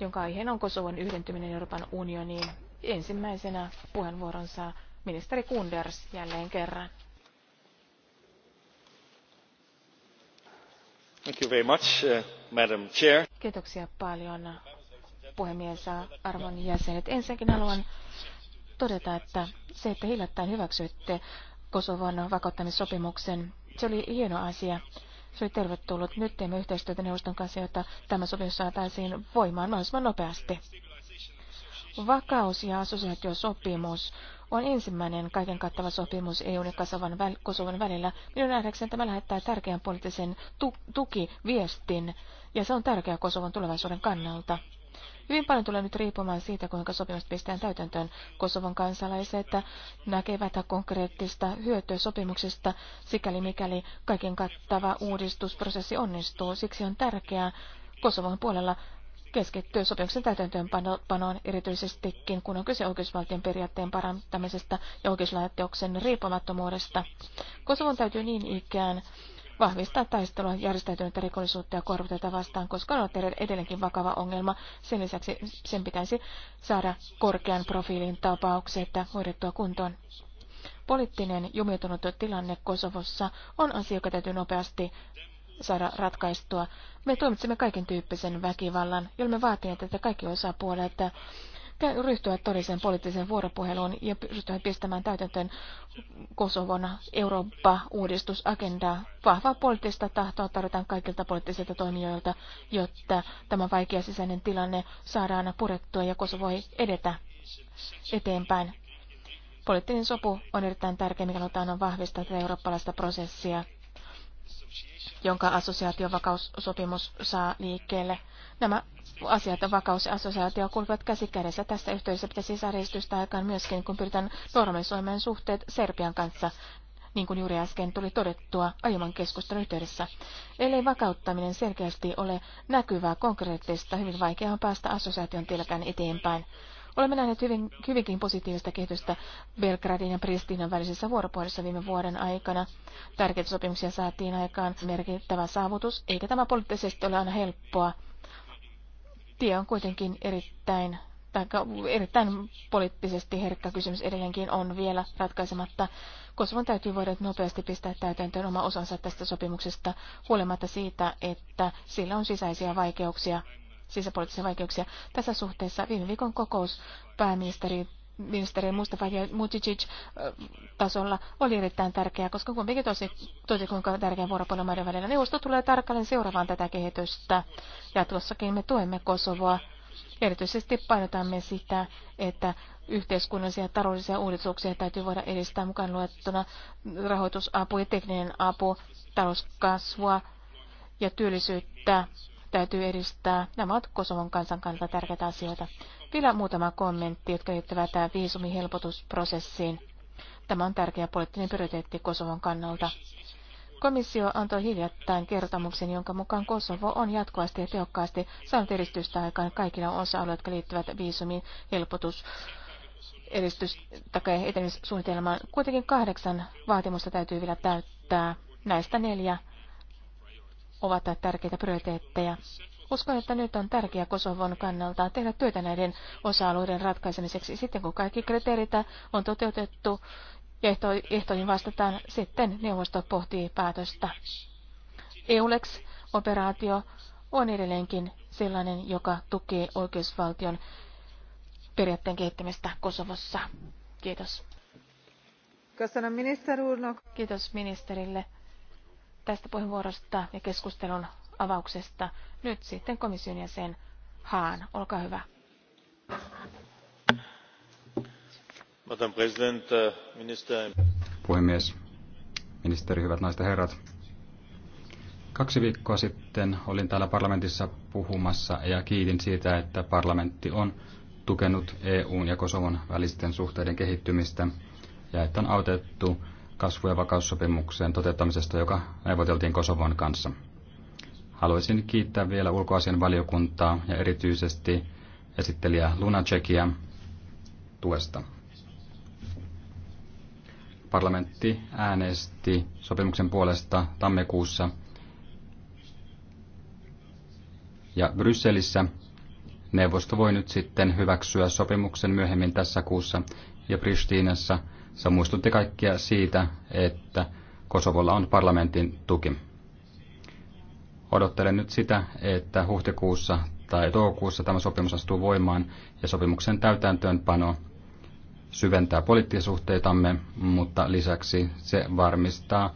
jonka aiheena on Kosovon yhdentyminen Euroopan unioniin. Ensimmäisenä puheenvuoron saa ministeri Kunders jälleen kerran. Thank you very much, uh, Madam Chair. Kiitoksia paljon puhemies ja arvon jäsenet. Ensinnäkin haluan todeta, että se, että hiljattain hyväksyitte Kosovon vakauttamissopimuksen, se oli hieno asia. Se oli tervetullut. Nyt teemme yhteistyötä neuvoston kanssa, jotta tämä sopimus saataisiin voimaan mahdollisimman nopeasti. Vakaus- ja assosiaatiosopimus on ensimmäinen kaiken kattava sopimus EUn ja Kosovan, väl, Kosovan välillä. Minun nähdäkseni tämä lähettää tärkeän poliittisen tu- tukiviestin, ja se on tärkeä Kosovan tulevaisuuden kannalta. Hyvin paljon tulee nyt riippumaan siitä, kuinka sopimukset pistetään täytäntöön. Kosovon kansalaiset näkevät konkreettista hyötyä sopimuksesta, sikäli mikäli kaiken kattava uudistusprosessi onnistuu. Siksi on tärkeää Kosovon puolella keskittyä sopimuksen täytäntöönpanoon erityisestikin, kun on kyse oikeusvaltion periaatteen parantamisesta ja oikeuslaitoksen riippumattomuudesta. Kosovon täytyy niin ikään vahvistaa taistelua järjestäytynyttä rikollisuutta ja korruptiota vastaan, koska on edelleenkin vakava ongelma. Sen lisäksi sen pitäisi saada korkean profiilin tapaukset hoidettua kuntoon. Poliittinen jumiutunut tilanne Kosovossa on asia, joka täytyy nopeasti saada ratkaistua. Me tuomitsemme kaiken tyyppisen väkivallan, jolloin me vaatimme, että kaikki osapuolet ryhtyä todelliseen poliittiseen vuoropuheluun ja ryhtyä pistämään täytäntöön Kosovon Eurooppa-uudistusagendaa. Vahvaa poliittista tahtoa tarvitaan kaikilta poliittisilta toimijoilta, jotta tämä vaikea sisäinen tilanne saadaan purettua ja Kosovo voi edetä eteenpäin. Poliittinen sopu on erittäin tärkeä, mikä on vahvistaa tätä eurooppalaista prosessia jonka assosiaatiovakaussopimus saa liikkeelle. Nämä asiat, vakaus ja assosiaatio kulkevat käsikädessä. Tässä yhteydessä pitäisi saada edistystä aikaan myöskin, kun pyritään normalisoimaan suhteet Serbian kanssa, niin kuin juuri äsken tuli todettua aiemman keskustelun yhteydessä. Eli vakauttaminen selkeästi ole näkyvää, konkreettista, hyvin vaikea on päästä assosiaation tilkään eteenpäin. Olemme nähneet hyvin, hyvinkin positiivista kehitystä Belgradin ja Pristinan välisessä vuoropuolessa viime vuoden aikana. Tärkeitä sopimuksia saatiin aikaan merkittävä saavutus, eikä tämä poliittisesti ole aina helppoa. Tie on kuitenkin erittäin, tai erittäin poliittisesti herkkä kysymys edelleenkin on vielä ratkaisematta. Kosovon täytyy voida nopeasti pistää täytäntöön oma osansa tästä sopimuksesta, huolimatta siitä, että sillä on sisäisiä vaikeuksia sisäpoliittisia vaikeuksia. Tässä suhteessa viime viikon kokous pääministeri ministeri Mustafa ja Muticic tasolla oli erittäin tärkeää, koska kumpikin tosi, tosi kuinka tärkeä vuoropuolen maiden välillä. Neuvosto tulee tarkalleen seuraavaan tätä kehitystä. Jatkossakin me tuemme Kosovoa. Erityisesti painotamme sitä, että yhteiskunnallisia ja taloudellisia uudistuksia täytyy voida edistää mukaan luettuna rahoitusapu ja tekninen apu, talouskasvua ja työllisyyttä täytyy edistää. Nämä ovat Kosovon kansan kannalta tärkeitä asioita. Vielä muutama kommentti, jotka liittyvät tähän viisumihelpotusprosessiin. Tämä on tärkeä poliittinen prioriteetti Kosovon kannalta. Komissio antoi hiljattain kertomuksen, jonka mukaan Kosovo on jatkuvasti ja tehokkaasti saanut edistystä aikaan kaikilla osa-alueilla, jotka liittyvät viisumin helpotus edistys- tai etenemissuunnitelmaan. Kuitenkin kahdeksan vaatimusta täytyy vielä täyttää. Näistä neljä ovat tärkeitä prioriteetteja. Uskon, että nyt on tärkeää Kosovon kannalta tehdä työtä näiden osa-alueiden ratkaisemiseksi. Sitten kun kaikki kriteerit on toteutettu ja ehto, ehtoihin vastataan, sitten neuvosto pohtii päätöstä. EULEX-operaatio on edelleenkin sellainen, joka tukee oikeusvaltion periaatteen kehittämistä Kosovossa. Kiitos. Kiitos ministerille tästä puheenvuorosta ja keskustelun avauksesta. Nyt sitten komission jäsen Haan, olkaa hyvä. Madam President, uh, minister... Puhemies, ministeri, hyvät naiset ja herrat. Kaksi viikkoa sitten olin täällä parlamentissa puhumassa ja kiitin siitä, että parlamentti on tukenut EUn ja Kosovon välisten suhteiden kehittymistä ja että on autettu kasvu- ja vakaussopimuksen toteuttamisesta, joka neuvoteltiin Kosovon kanssa. Haluaisin kiittää vielä ulkoasian valiokuntaa ja erityisesti esittelijä Lunacekia tuesta. Parlamentti äänesti sopimuksen puolesta tammikuussa ja Brysselissä neuvosto voi nyt sitten hyväksyä sopimuksen myöhemmin tässä kuussa ja Pristiinassa. Se muistutti kaikkia siitä, että Kosovolla on parlamentin tuki. Odottelen nyt sitä, että huhtikuussa tai toukokuussa tämä sopimus astuu voimaan ja sopimuksen täytäntöönpano syventää poliittisia suhteitamme, mutta lisäksi se varmistaa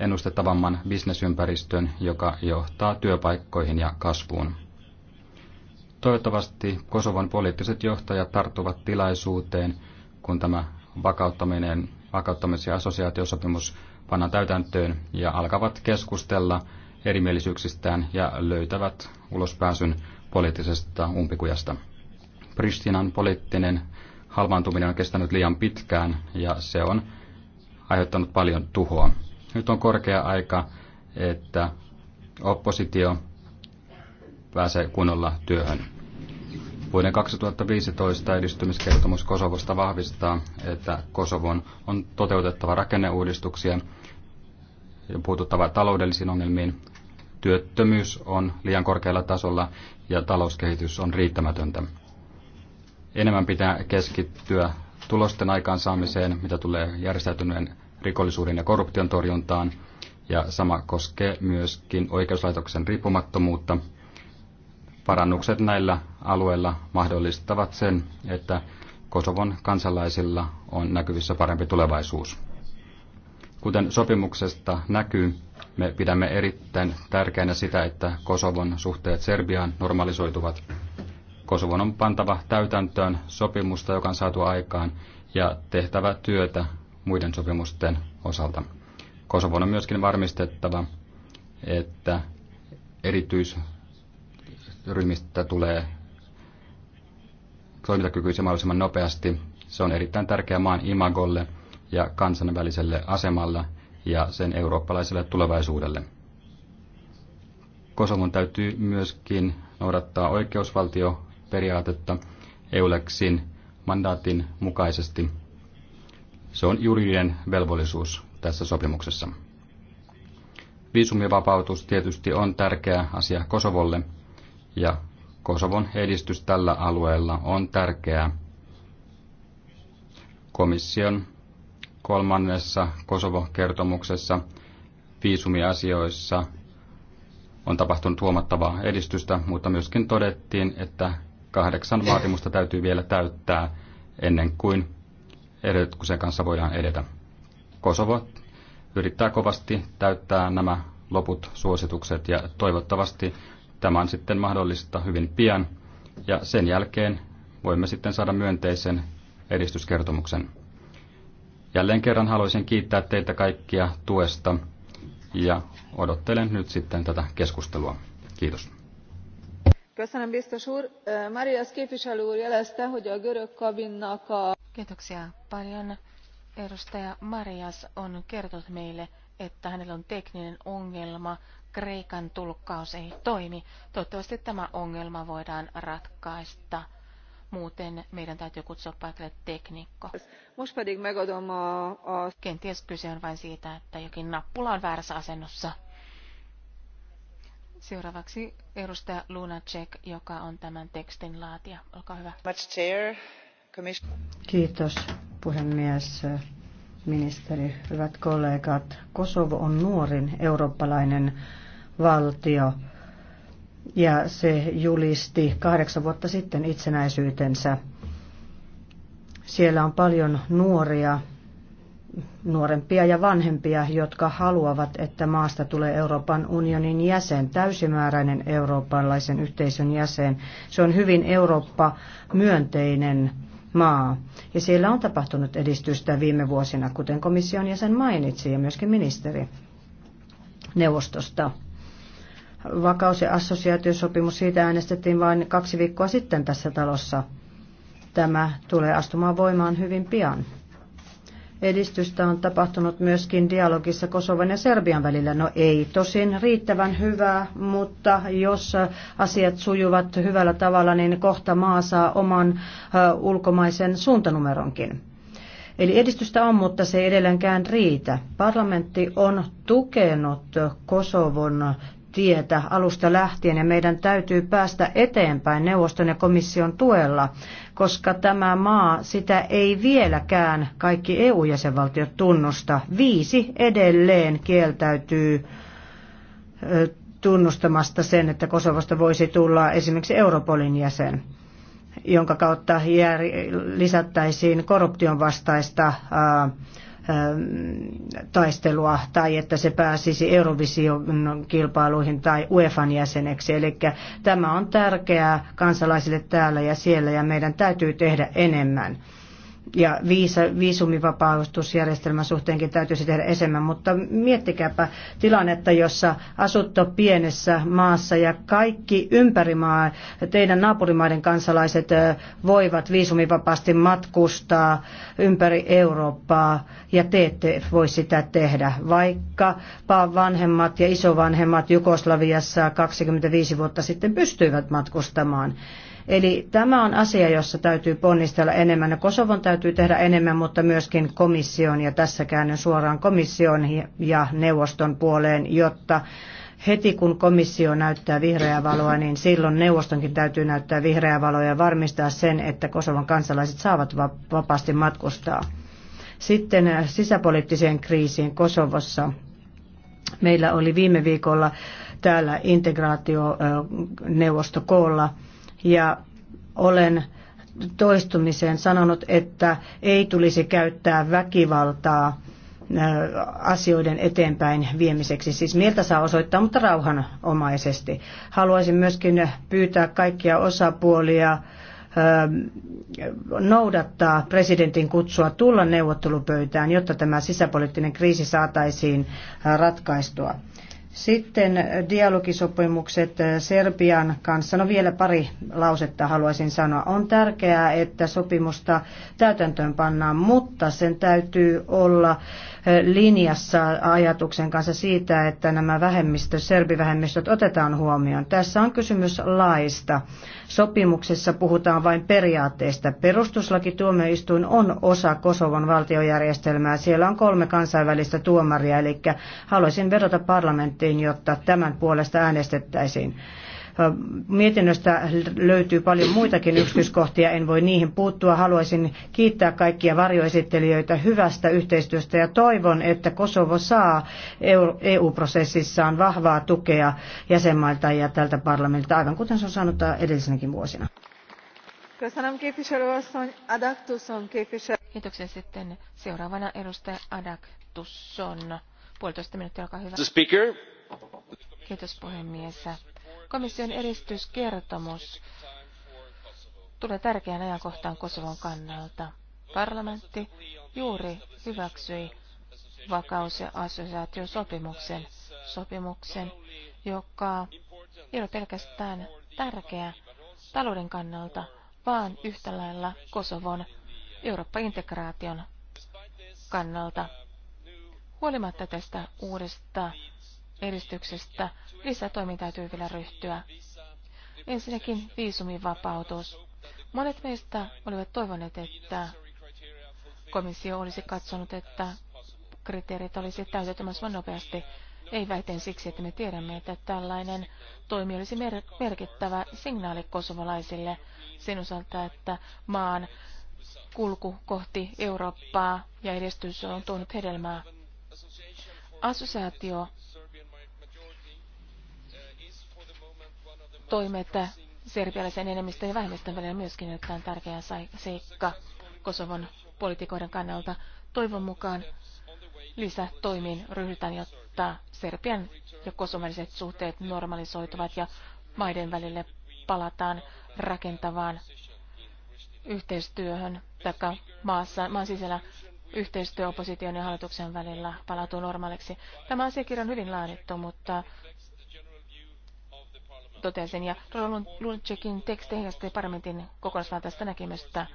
ennustettavamman bisnesympäristön, joka johtaa työpaikkoihin ja kasvuun. Toivottavasti Kosovan poliittiset johtajat tarttuvat tilaisuuteen, kun tämä vakauttaminen, vakauttamis- ja assosiaatiosopimus pannaan täytäntöön ja alkavat keskustella erimielisyyksistään ja löytävät ulospääsyn poliittisesta umpikujasta. Pristinan poliittinen halvaantuminen on kestänyt liian pitkään ja se on aiheuttanut paljon tuhoa. Nyt on korkea aika, että oppositio pääsee kunnolla työhön. Vuoden 2015 edistymiskertomus Kosovosta vahvistaa, että Kosovon on toteutettava rakenneuudistuksia ja puututtava taloudellisiin ongelmiin, työttömyys on liian korkealla tasolla ja talouskehitys on riittämätöntä. Enemmän pitää keskittyä tulosten aikaansaamiseen, mitä tulee järjestäytyneen rikollisuuden ja korruption torjuntaan, ja sama koskee myöskin oikeuslaitoksen riippumattomuutta. Parannukset näillä alueilla mahdollistavat sen, että Kosovon kansalaisilla on näkyvissä parempi tulevaisuus. Kuten sopimuksesta näkyy, me pidämme erittäin tärkeänä sitä, että Kosovon suhteet Serbiaan normalisoituvat. Kosovon on pantava täytäntöön sopimusta, joka on saatu aikaan, ja tehtävä työtä muiden sopimusten osalta. Kosovon on myöskin varmistettava, että erityisryhmistä tulee toimintakykyisiä mahdollisimman nopeasti. Se on erittäin tärkeä maan imagolle ja kansainväliselle asemalle – ja sen eurooppalaiselle tulevaisuudelle. Kosovon täytyy myöskin noudattaa oikeusvaltioperiaatetta EULEXin mandaatin mukaisesti. Se on juridinen velvollisuus tässä sopimuksessa. Viisumivapautus tietysti on tärkeä asia Kosovolle ja Kosovon edistys tällä alueella on tärkeää. Komission kolmannessa Kosovo-kertomuksessa viisumiasioissa on tapahtunut huomattavaa edistystä, mutta myöskin todettiin, että kahdeksan vaatimusta täytyy vielä täyttää ennen kuin edellytyksen kanssa voidaan edetä. Kosovo yrittää kovasti täyttää nämä loput suositukset ja toivottavasti tämä on sitten mahdollista hyvin pian ja sen jälkeen voimme sitten saada myönteisen edistyskertomuksen. Jälleen kerran haluaisin kiittää teitä kaikkia tuesta ja odottelen nyt sitten tätä keskustelua. Kiitos. Kiitoksia paljon. Edustaja Marias on kertonut meille, että hänellä on tekninen ongelma. Kreikan tulkkaus ei toimi. Toivottavasti tämä ongelma voidaan ratkaista. Muuten meidän täytyy kutsua paikalle teknikko. Kenties kyse on vain siitä, että jokin nappula on väärässä asennossa. Seuraavaksi edustaja Lunacek, joka on tämän tekstin laatija. Olkaa hyvä. Kiitos puhemies, ministeri, hyvät kollegat. Kosovo on nuorin eurooppalainen valtio ja se julisti kahdeksan vuotta sitten itsenäisyytensä. Siellä on paljon nuoria, nuorempia ja vanhempia, jotka haluavat, että maasta tulee Euroopan unionin jäsen, täysimääräinen eurooppalaisen yhteisön jäsen. Se on hyvin Eurooppa-myönteinen maa. Ja siellä on tapahtunut edistystä viime vuosina, kuten komission jäsen mainitsi ja myöskin ministeri neuvostosta vakaus- ja assosiaatiosopimus, siitä äänestettiin vain kaksi viikkoa sitten tässä talossa. Tämä tulee astumaan voimaan hyvin pian. Edistystä on tapahtunut myöskin dialogissa Kosovan ja Serbian välillä. No ei tosin riittävän hyvää, mutta jos asiat sujuvat hyvällä tavalla, niin kohta maa saa oman ulkomaisen suuntanumeronkin. Eli edistystä on, mutta se ei edelleenkään riitä. Parlamentti on tukenut Kosovon tietä alusta lähtien ja meidän täytyy päästä eteenpäin neuvoston ja komission tuella, koska tämä maa, sitä ei vieläkään kaikki EU-jäsenvaltiot tunnusta. Viisi edelleen kieltäytyy tunnustamasta sen, että Kosovosta voisi tulla esimerkiksi Europolin jäsen jonka kautta lisättäisiin korruption vastaista Ähm, taistelua tai että se pääsisi Eurovision kilpailuihin tai UEFan jäseneksi. Eli tämä on tärkeää kansalaisille täällä ja siellä ja meidän täytyy tehdä enemmän ja viisa, viisumivapaustusjärjestelmän suhteenkin täytyisi tehdä esemmän, mutta miettikääpä tilannetta, jossa asutto pienessä maassa ja kaikki maa, teidän naapurimaiden kansalaiset voivat viisumivapaasti matkustaa ympäri Eurooppaa ja te ette voi sitä tehdä, vaikka vanhemmat ja isovanhemmat Jugoslaviassa 25 vuotta sitten pystyivät matkustamaan. Eli tämä on asia, jossa täytyy ponnistella enemmän. Ja Kosovon täytyy tehdä enemmän, mutta myöskin komission, ja tässä käännön suoraan komission ja neuvoston puoleen, jotta heti kun komissio näyttää vihreää valoa, niin silloin neuvostonkin täytyy näyttää vihreää valoa ja varmistaa sen, että Kosovon kansalaiset saavat vapaasti matkustaa. Sitten äh, sisäpoliittiseen kriisiin Kosovossa. Meillä oli viime viikolla täällä integraationeuvosto äh, koolla ja olen toistumiseen sanonut, että ei tulisi käyttää väkivaltaa asioiden eteenpäin viemiseksi. Siis mieltä saa osoittaa, mutta rauhanomaisesti. Haluaisin myöskin pyytää kaikkia osapuolia noudattaa presidentin kutsua tulla neuvottelupöytään, jotta tämä sisäpoliittinen kriisi saataisiin ratkaistua. Sitten dialogisopimukset Serbian kanssa. No vielä pari lausetta haluaisin sanoa. On tärkeää, että sopimusta täytäntöön pannaan, mutta sen täytyy olla linjassa ajatuksen kanssa siitä, että nämä vähemmistö, serbivähemmistöt otetaan huomioon. Tässä on kysymys laista. Sopimuksessa puhutaan vain periaatteista. Perustuslakituomioistuin on osa Kosovon valtiojärjestelmää. Siellä on kolme kansainvälistä tuomaria, eli haluaisin vedota parlamenttiin, jotta tämän puolesta äänestettäisiin. Mietinnöstä löytyy paljon muitakin yksityiskohtia, en voi niihin puuttua. Haluaisin kiittää kaikkia varjoesittelijöitä hyvästä yhteistyöstä ja toivon, että Kosovo saa EU-prosessissaan vahvaa tukea jäsenmailta ja tältä parlamentilta, aivan kuten se on saanut edellisenäkin vuosina. Kiitoksia sitten. Seuraavana edustaja Adak Tusson. Puolitoista minuuttia, olkaa hyvä. Kiitos puhemies. Komission edistyskertomus tulee tärkeän ajankohtaan Kosovon kannalta. Parlamentti juuri hyväksyi vakaus- ja assosiaatiosopimuksen, sopimuksen, joka ei ole pelkästään tärkeä talouden kannalta, vaan yhtä lailla Kosovon Eurooppa-integraation kannalta. Huolimatta tästä uudesta edistyksestä. Lisätoimiin täytyy vielä ryhtyä. Ensinnäkin viisumin vapautus. Monet meistä olivat toivoneet, että komissio olisi katsonut, että kriteerit olisi täytetty mahdollisimman nopeasti. Ei väiten siksi, että me tiedämme, että tällainen toimi olisi mer- merkittävä signaali kosovalaisille sen osalta, että maan kulku kohti Eurooppaa ja edistys on tuonut hedelmää. Assosiaatio toimet serbialaisen enemmistön ja vähemmistön välillä myöskin erittäin tärkeä seikka Kosovon poliitikoiden kannalta. Toivon mukaan lisätoimiin ryhdytään, jotta Serbian ja Kosovon suhteet normalisoituvat ja maiden välille palataan rakentavaan yhteistyöhön, taikka maassa, maan sisällä yhteistyö opposition ja hallituksen välillä palautuu normaaliksi. Tämä asiakirja on hyvin laadittu, mutta totesin, ja Lunchekin teksti heijastaa parlamentin kokonaisvaltaista näkemystä.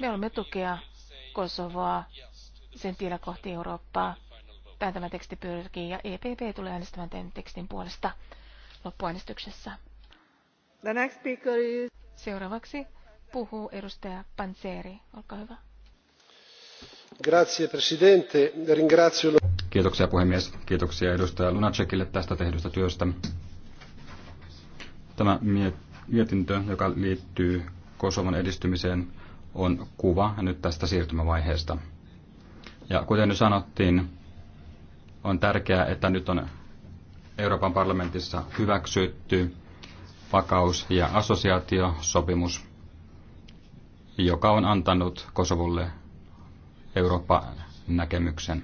Me olemme tukea Kosovoa sen tiellä kohti Eurooppaa. Tämä tämä teksti pyrkii, ja EPP tulee äänestämään tämän tekstin puolesta loppuäänestyksessä. The next speaker is... Seuraavaksi puhuu edustaja Panseri. Olkaa hyvä. Grazie, presidente. Ringrazio... Kiitoksia puhemies. Kiitoksia edustaja Lunacekille tästä tehdystä työstä. Tämä mietintö, joka liittyy Kosovon edistymiseen, on kuva nyt tästä siirtymävaiheesta. Ja kuten nyt sanottiin, on tärkeää, että nyt on Euroopan parlamentissa hyväksytty vakaus- ja assosiaatiosopimus, joka on antanut Kosovolle Eurooppa-näkemyksen.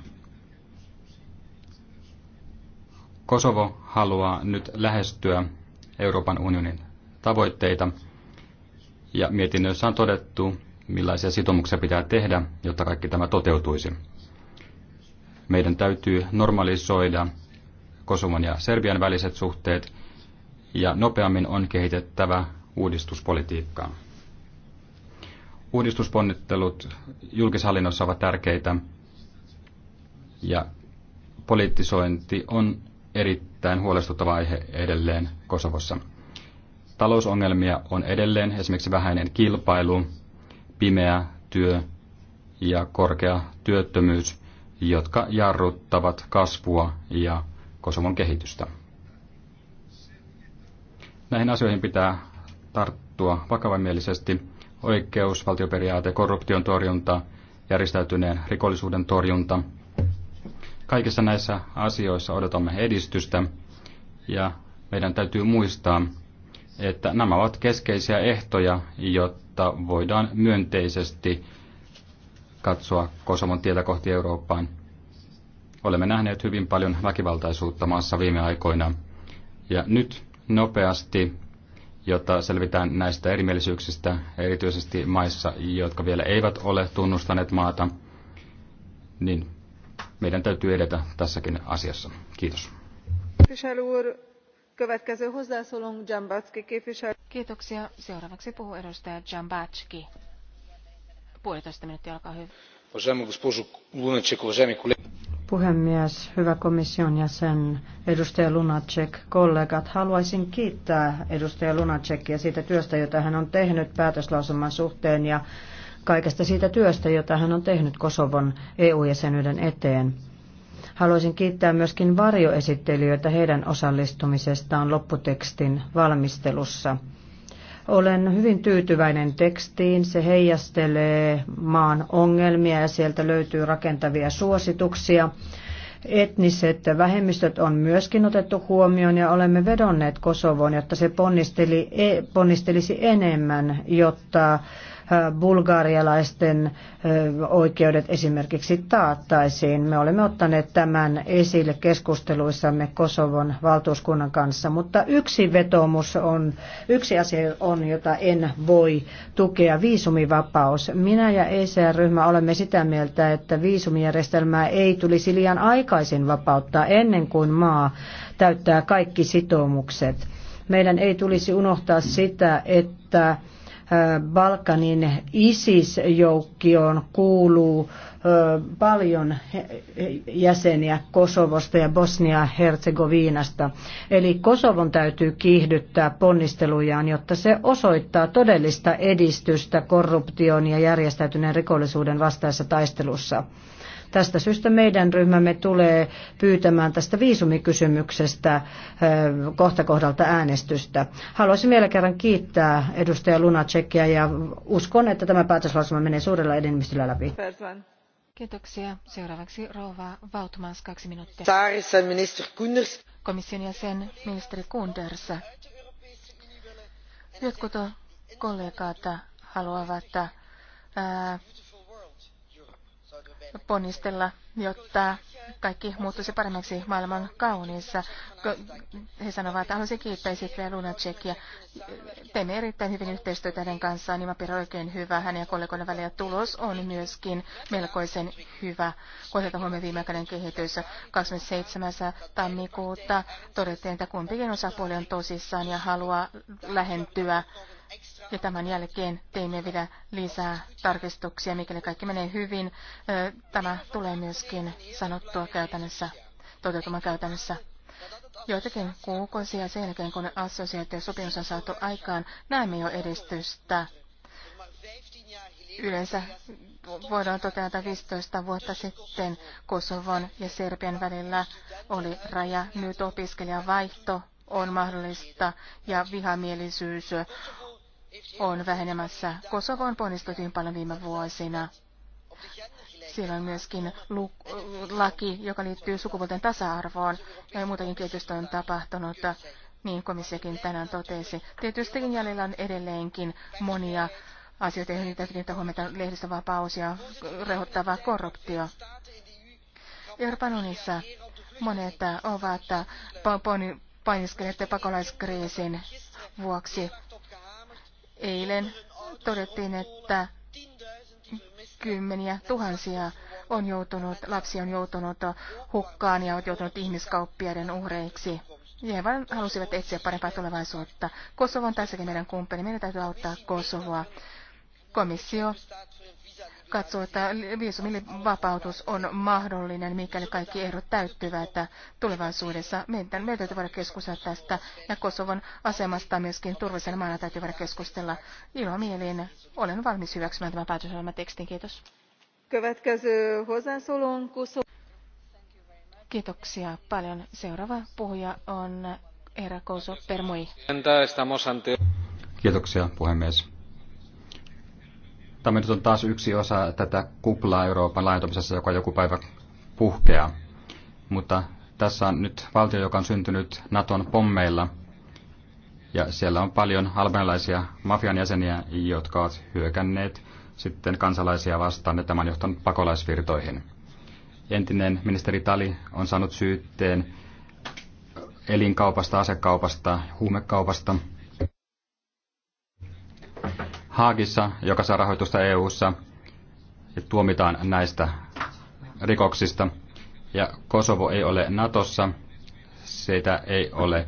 Kosovo haluaa nyt lähestyä Euroopan unionin tavoitteita. Ja mietinnössä on todettu, millaisia sitoumuksia pitää tehdä, jotta kaikki tämä toteutuisi. Meidän täytyy normalisoida Kosovon ja Serbian väliset suhteet ja nopeammin on kehitettävä uudistuspolitiikkaa. Uudistusponnittelut julkishallinnossa ovat tärkeitä ja poliittisointi on erittäin huolestuttava aihe edelleen Kosovossa. Talousongelmia on edelleen esimerkiksi vähäinen kilpailu, pimeä työ ja korkea työttömyys, jotka jarruttavat kasvua ja Kosovon kehitystä. Näihin asioihin pitää tarttua vakavamielisesti. Oikeus, valtioperiaate, korruption torjunta, järjestäytyneen rikollisuuden torjunta – Kaikissa näissä asioissa odotamme edistystä ja meidän täytyy muistaa, että nämä ovat keskeisiä ehtoja, jotta voidaan myönteisesti katsoa Kosovon tietä kohti Eurooppaan. Olemme nähneet hyvin paljon väkivaltaisuutta maassa viime aikoina. Ja nyt nopeasti, jotta selvitään näistä erimielisyyksistä, erityisesti maissa, jotka vielä eivät ole tunnustaneet maata, niin meidän täytyy edetä tässäkin asiassa. Kiitos. Kiitoksia. Seuraavaksi puhuu edustaja Jambatski. Puolitoista minuuttia, olkaa hyvä. Puhemies, hyvä komission jäsen, edustaja Lunacek, kollegat, haluaisin kiittää edustaja Lunacekia siitä työstä, jota hän on tehnyt päätöslausuman suhteen ja kaikesta siitä työstä, jota hän on tehnyt Kosovon EU-jäsenyyden eteen. Haluaisin kiittää myöskin varjoesittelijöitä heidän osallistumisestaan lopputekstin valmistelussa. Olen hyvin tyytyväinen tekstiin. Se heijastelee maan ongelmia ja sieltä löytyy rakentavia suosituksia. Etniset vähemmistöt on myöskin otettu huomioon ja olemme vedonneet Kosovoon, jotta se ponnisteli, e-, ponnistelisi enemmän, jotta bulgarialaisten oikeudet esimerkiksi taattaisiin. Me olemme ottaneet tämän esille keskusteluissamme Kosovon valtuuskunnan kanssa, mutta yksi vetomus on, yksi asia on, jota en voi tukea, viisumivapaus. Minä ja ECR-ryhmä olemme sitä mieltä, että viisumijärjestelmää ei tulisi liian aikaisin vapauttaa ennen kuin maa täyttää kaikki sitoumukset. Meidän ei tulisi unohtaa sitä, että Balkanin ISIS-joukkioon kuuluu paljon jäseniä Kosovosta ja Bosnia-Herzegovinasta. Eli Kosovon täytyy kiihdyttää ponnistelujaan, jotta se osoittaa todellista edistystä korruption ja järjestäytyneen rikollisuuden vastaisessa taistelussa. Tästä syystä meidän ryhmämme tulee pyytämään tästä viisumikysymyksestä kohta kohdalta äänestystä. Haluaisin vielä kerran kiittää edustaja Lunacekia ja uskon, että tämä päätöslausuma menee suurella enemmistöllä läpi. Kiitoksia. Seuraavaksi rouva Vautmans kaksi minuuttia. Komission jäsen ministeri Kunders. Jotkut kollegat haluavat ää, ponnistella, jotta kaikki muuttuisi paremmaksi maailman kauniissa. He sanovat, että haluaisin kiittää esittäjä Lunacekia. Teimme erittäin hyvin yhteistyötä hänen kanssaan, nimapiiri oikein hyvä. Hänen ja kollegoiden välillä tulos on myöskin melkoisen hyvä. Kohdata huomioon viimeaikainen kehitys 27. tammikuuta. Todettiin, että kumpikin osapuoli on tosissaan ja haluaa lähentyä ja tämän jälkeen teimme vielä lisää tarkistuksia, mikäli kaikki menee hyvin. Tämä tulee myöskin sanottua käytännössä, toteutumaan käytännössä. Joitakin kuukausia sen jälkeen, kun sopimus on saatu aikaan, näemme jo edistystä. Yleensä voidaan toteata 15 vuotta sitten Kosovon ja Serbian välillä oli raja, nyt opiskelijavaihto on mahdollista ja vihamielisyys on vähenemässä. Kosovo on ponnistunut hyvin paljon viime vuosina. Siellä on myöskin laki, joka liittyy sukupuolten tasa-arvoon, ja muutakin kehitystä on tapahtunut, niin komissiokin tänään totesi. Tietystikin jäljellä on edelleenkin monia asioita, joihin täytyy kiinnittää huomiota lehdistövapaus ja rehottava korruptio. Euroopan unissa monet ovat painiskelleet pakolaiskriisin vuoksi Eilen todettiin, että kymmeniä tuhansia on joutunut, lapsi on joutunut hukkaan ja on joutunut ihmiskauppiaiden uhreiksi. He vain halusivat etsiä parempaa tulevaisuutta. Kosovo on tässäkin meidän kumppani. Meidän täytyy auttaa Kosovoa. Komissio katsoo, että vapautus on mahdollinen, mikäli kaikki ehdot täyttyvät tulevaisuudessa. Meidän, meidän täytyy voida keskustella tästä ja Kosovon asemasta myöskin turvallisena maana täytyy voida keskustella. Ilo mieliin. Olen valmis hyväksymään tämän päätösohjelman tekstin. Kiitos. Kiitoksia paljon. Seuraava puhuja on Era Koso Permoi. Kiitoksia puhemies. Tämä nyt on taas yksi osa tätä kuplaa Euroopan laajentumisessa, joka joku päivä puhkeaa. Mutta tässä on nyt valtio, joka on syntynyt Naton pommeilla. Ja siellä on paljon albanilaisia mafian jäseniä, jotka ovat hyökänneet sitten kansalaisia vastaan, ja tämä on johtanut pakolaisvirtoihin. Entinen ministeri Tali on saanut syytteen elinkaupasta, asekaupasta, huumekaupasta – Haagissa, joka saa rahoitusta EU-ssa, tuomitaan näistä rikoksista. Ja Kosovo ei ole Natossa, sitä ei ole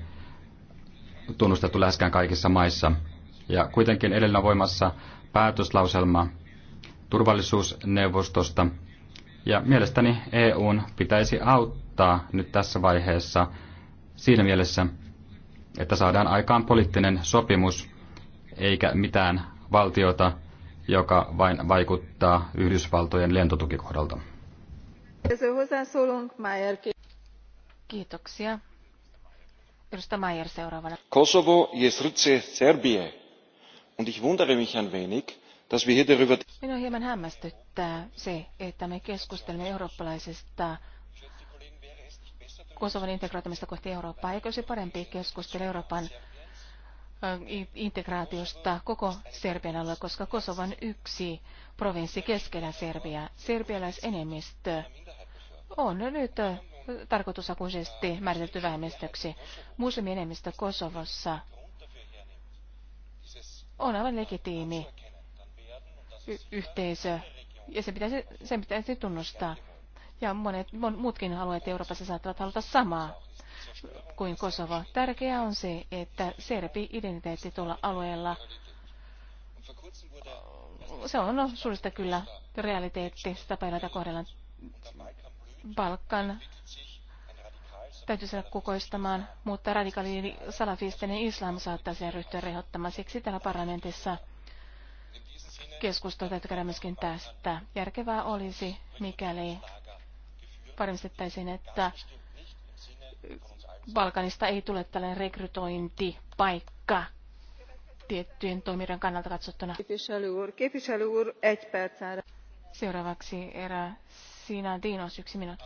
tunnustettu läheskään kaikissa maissa. Ja kuitenkin edellä voimassa päätöslauselma turvallisuusneuvostosta. Ja mielestäni EUn pitäisi auttaa nyt tässä vaiheessa siinä mielessä, että saadaan aikaan poliittinen sopimus eikä mitään valtiota, joka vain vaikuttaa Yhdysvaltojen lentotukikohdalta. Kiitoksia. Edustaja Mayer seuraavana. Kosovo je srce Serbie. Und ich wundere mich ein wenig, dass wir hier darüber... Minua hieman hämmästyttää se, että me keskustelemme eurooppalaisesta Kosovan integroitamista kohti Eurooppaa. Eikö se parempi keskustella Euroopan Ähm, integraatiosta koko Serbian alueella, koska Kosovan yksi provinssi keskellä Serbia, serbialaisenemmistö, on nyt äh, tarkoitusakuisesti määritelty vähemmistöksi. Muslimienemmistö Kosovossa on aivan legitiimi y- yhteisö, ja sen pitäisi, sen pitäisi tunnustaa. Ja monet, mon, muutkin alueet Euroopassa saattavat haluta samaa kuin Kosovo. Tärkeää on se, että serbi-identiteetti tuolla alueella, se on suurista kyllä realiteetti, sitä päivältä kohdellaan Balkan täytyy saada kukoistamaan, mutta radikaali salafistinen islam saattaa sen ryhtyä rehottamaan. Siksi täällä parlamentissa keskustelua täytyy käydä myöskin tästä. Järkevää olisi, mikäli varmistettaisiin, että Balkanista ei tule tällainen rekrytointipaikka tiettyjen toimijoiden kannalta katsottuna. Seuraavaksi erä Sina Dinos yksi minuutti.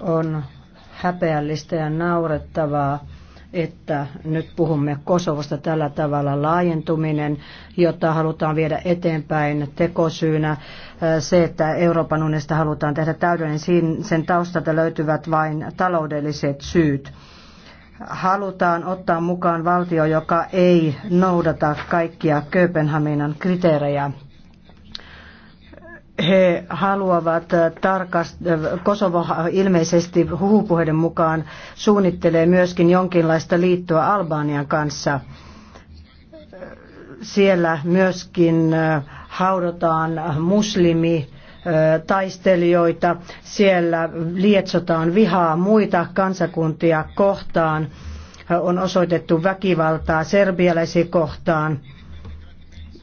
On häpeällistä ja naurettavaa, että nyt puhumme Kosovosta tällä tavalla laajentuminen, jota halutaan viedä eteenpäin tekosyynä. Äh, se, että Euroopan unionista halutaan tehdä täydellinen, niin sen taustalta löytyvät vain taloudelliset syyt halutaan ottaa mukaan valtio, joka ei noudata kaikkia Kööpenhaminan kriteerejä he haluavat äh, tarkast, äh, Kosovo ilmeisesti huhupuheiden mukaan suunnittelee myöskin jonkinlaista liittoa Albanian kanssa. Siellä myöskin äh, haudotaan muslimi taistelijoita, siellä lietsotaan vihaa muita kansakuntia kohtaan, on osoitettu väkivaltaa serbialaisia kohtaan –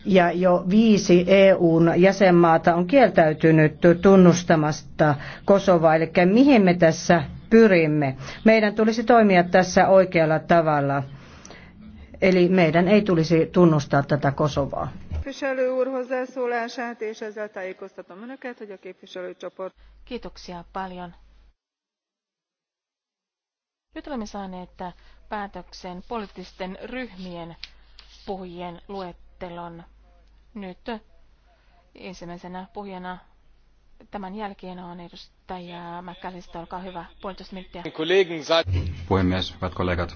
ja jo viisi EUn jäsenmaata on kieltäytynyt tunnustamasta Kosovaa. Eli mihin me tässä pyrimme? Meidän tulisi toimia tässä oikealla tavalla. Eli meidän ei tulisi tunnustaa tätä Kosovaa. Kiitoksia paljon. Nyt olemme saaneet päätöksen poliittisten ryhmien puhujien luettelua luettelon. Nyt ensimmäisenä puhujana tämän jälkeen on edustaja Mäkkälistä, olkaa hyvä, puolitoista minuuttia. Puhemies, hyvät kollegat.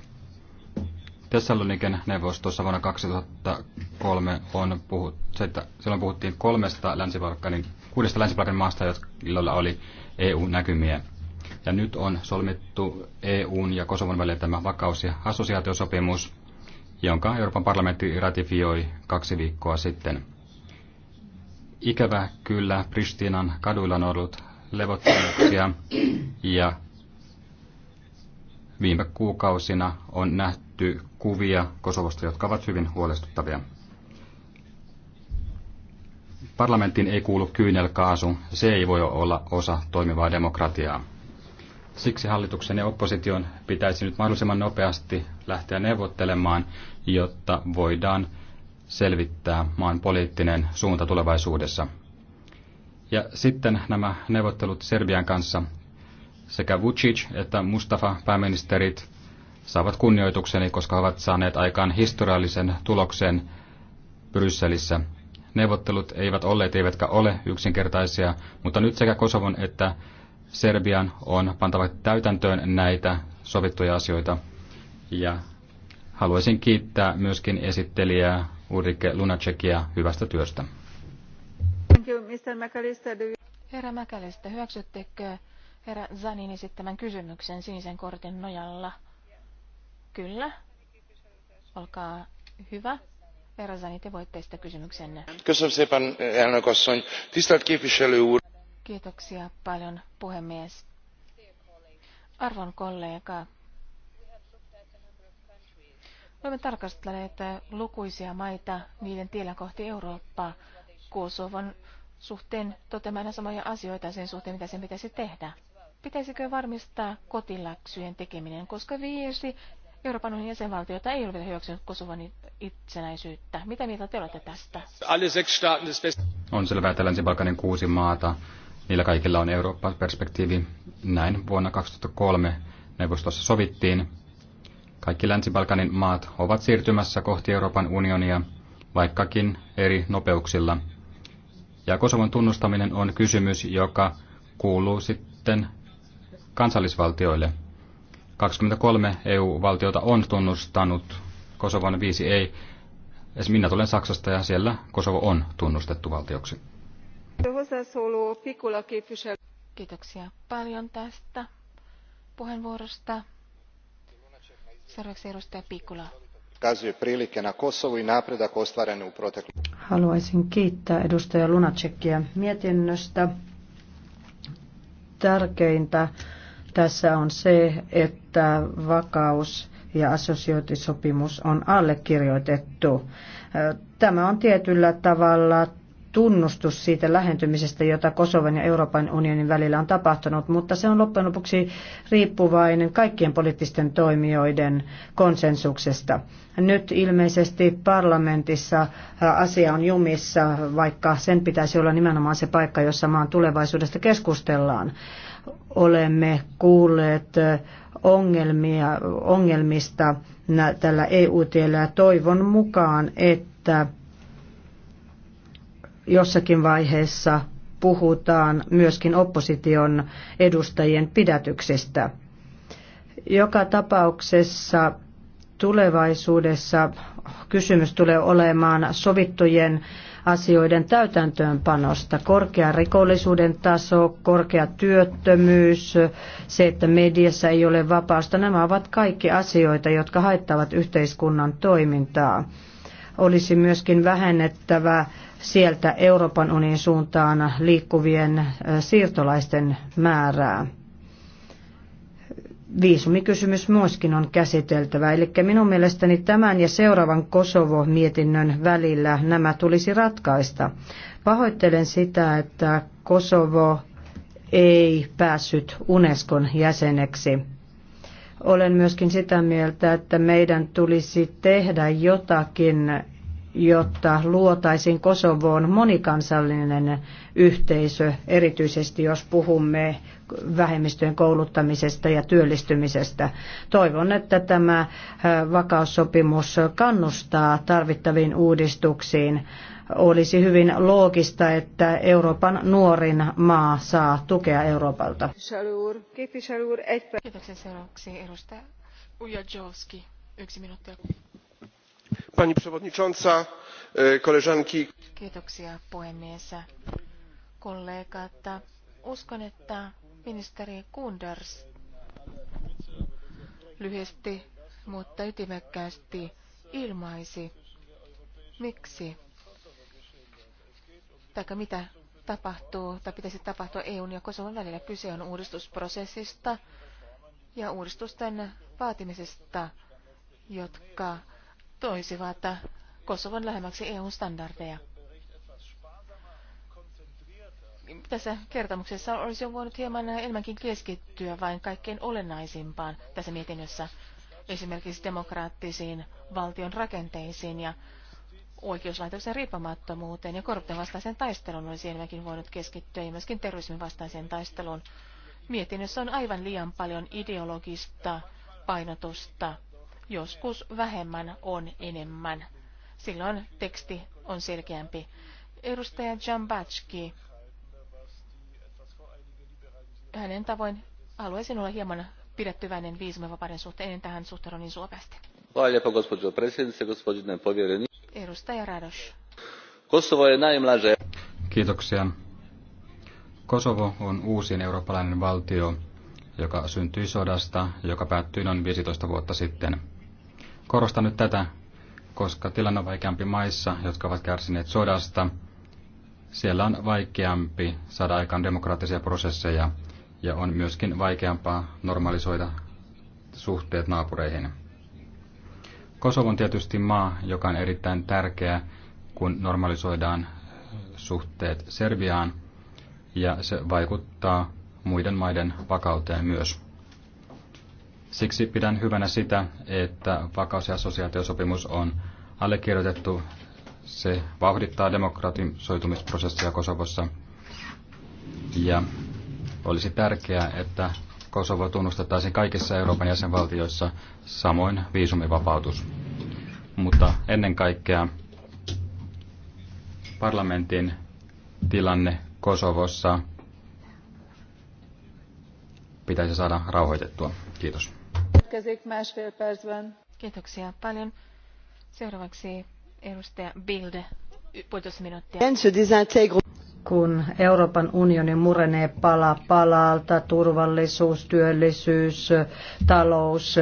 Thessaloniken neuvostossa vuonna 2003 on puhuttu, että silloin puhuttiin kolmesta länsi kuudesta länsi maasta, joilla oli EU-näkymiä. Ja nyt on solmittu EUn ja Kosovon välillä tämä vakaus- ja assosiaatiosopimus, jonka Euroopan parlamentti ratifioi kaksi viikkoa sitten. Ikävä kyllä Pristinan kaduilla on ollut levottomuuksia ja viime kuukausina on nähty kuvia Kosovosta, jotka ovat hyvin huolestuttavia. Parlamentin ei kuulu kyynelkaasu, se ei voi olla osa toimivaa demokratiaa. Siksi hallituksen ja opposition pitäisi nyt mahdollisimman nopeasti lähteä neuvottelemaan, jotta voidaan selvittää maan poliittinen suunta tulevaisuudessa. Ja sitten nämä neuvottelut Serbian kanssa. Sekä Vucic että Mustafa pääministerit saavat kunnioitukseni, koska he ovat saaneet aikaan historiallisen tuloksen Brysselissä. Neuvottelut eivät olleet eivätkä ole yksinkertaisia, mutta nyt sekä Kosovon että Serbian on pantava täytäntöön näitä sovittuja asioita. Ja haluaisin kiittää myöskin esittelijää Ulrike Lunacekia hyvästä työstä. Thank you, Mr. McAllister. Herra McAllister, hyväksyttekö herra Zanin esittämän kysymyksen sinisen kortin nojalla? Kyllä. Olkaa hyvä. Herra Zani, te voitte sitä kysymyksenne. Kysymys szépen, elnök asszony. Tisztelt Kiitoksia paljon, puhemies. Arvon kollega, olemme tarkastelleet lukuisia maita niiden tiellä kohti Eurooppaa. Kosovon suhteen toteamaan samoja asioita sen suhteen, mitä sen pitäisi tehdä. Pitäisikö varmistaa kotiläksyjen tekeminen, koska viisi Euroopan unionin jäsenvaltiota ei ole vielä hyväksynyt Kosovan itsenäisyyttä. Mitä mieltä te olette tästä? On selvää, että Länsi-Balkanin kuusi maata Niillä kaikilla on Euroopan perspektiivi. Näin vuonna 2003 neuvostossa sovittiin. Kaikki Länsi-Balkanin maat ovat siirtymässä kohti Euroopan unionia, vaikkakin eri nopeuksilla. Ja Kosovon tunnustaminen on kysymys, joka kuuluu sitten kansallisvaltioille. 23 EU-valtiota on tunnustanut Kosovon, viisi ei. Minä tulen Saksasta ja siellä Kosovo on tunnustettu valtioksi. Kiitoksia paljon tästä puheenvuorosta. Seuraavaksi edustaja Pikula. Haluaisin kiittää edustaja Lunacekia mietinnöstä. Tärkeintä tässä on se, että vakaus ja assosiointisopimus on allekirjoitettu. Tämä on tietyllä tavalla tunnustus siitä lähentymisestä, jota Kosovan ja Euroopan unionin välillä on tapahtunut, mutta se on loppujen lopuksi riippuvainen kaikkien poliittisten toimijoiden konsensuksesta. Nyt ilmeisesti parlamentissa äh, asia on jumissa, vaikka sen pitäisi olla nimenomaan se paikka, jossa maan tulevaisuudesta keskustellaan. Olemme kuulleet äh, ongelmia, ongelmista tällä EU-tiellä ja toivon mukaan, että jossakin vaiheessa puhutaan myöskin opposition edustajien pidätyksestä. Joka tapauksessa tulevaisuudessa kysymys tulee olemaan sovittujen asioiden täytäntöönpanosta. Korkea rikollisuuden taso, korkea työttömyys, se, että mediassa ei ole vapausta, nämä ovat kaikki asioita, jotka haittavat yhteiskunnan toimintaa. Olisi myöskin vähennettävä sieltä Euroopan unionin suuntaan liikkuvien siirtolaisten määrää. Viisumikysymys myöskin on käsiteltävä. Eli minun mielestäni tämän ja seuraavan Kosovo-mietinnön välillä nämä tulisi ratkaista. Pahoittelen sitä, että Kosovo ei päässyt Unescon jäseneksi. Olen myöskin sitä mieltä, että meidän tulisi tehdä jotakin jotta luotaisiin Kosovoon monikansallinen yhteisö, erityisesti jos puhumme vähemmistöjen kouluttamisesta ja työllistymisestä. Toivon, että tämä äh, vakaussopimus kannustaa tarvittaviin uudistuksiin. Olisi hyvin loogista, että Euroopan nuorin maa saa tukea Euroopalta. Kiitoksia seuraavaksi edustaja Ujajowski. Yksi minuutti pani przewodnicząca! E, koleżanki kiitoksia puhemies kollegat uskon että ministeri kunders lyhyesti mutta ytimekkäästi ilmaisi miksi tai mitä tapahtuu tai pitäisi tapahtua EUn ja Kosovon välillä. Kyse on uudistusprosessista ja uudistusten vaatimisesta, jotka toisivat Kosovon lähemmäksi EU-standardeja. Tässä kertomuksessa olisi voinut hieman enemmänkin keskittyä vain kaikkein olennaisimpaan tässä mietinnössä, esimerkiksi demokraattisiin valtion rakenteisiin ja oikeuslaitoksen riippumattomuuteen ja korruption vastaiseen taisteluun olisi enemmänkin voinut keskittyä ja myöskin terrorismin vastaiseen taisteluun. Mietinnössä on aivan liian paljon ideologista painotusta Joskus vähemmän on enemmän. Silloin teksti on selkeämpi. Edustaja Jambatski, hänen tavoin haluaisin olla hieman pidettyväinen viisumivapauden suhteen. En tähän suhtaudun niin suopeasti. Edustaja Radoš. Kosovo on najmlađe. Kiitoksia. Kosovo on uusin eurooppalainen valtio, joka syntyi sodasta, joka päättyi noin 15 vuotta sitten. Korostan nyt tätä, koska tilanne on vaikeampi maissa, jotka ovat kärsineet sodasta. Siellä on vaikeampi saada aikaan demokraattisia prosesseja ja on myöskin vaikeampaa normalisoida suhteet naapureihin. Kosovo on tietysti maa, joka on erittäin tärkeä, kun normalisoidaan suhteet Serbiaan, ja se vaikuttaa muiden maiden vakauteen myös. Siksi pidän hyvänä sitä, että vakaus- ja assosiaatiosopimus on allekirjoitettu. Se vauhdittaa demokratisoitumisprosessia Kosovossa. Ja olisi tärkeää, että Kosovo tunnustettaisiin kaikissa Euroopan jäsenvaltioissa, samoin viisumivapautus. Mutta ennen kaikkea parlamentin tilanne Kosovossa pitäisi saada rauhoitettua. Kiitos következik másfél percben. Kiitoksia paljon. Seuraavaksi edustaja Bilde, puolitoista minuuttia. Kun Euroopan unioni murenee pala palalta, turvallisuus, työllisyys, talous,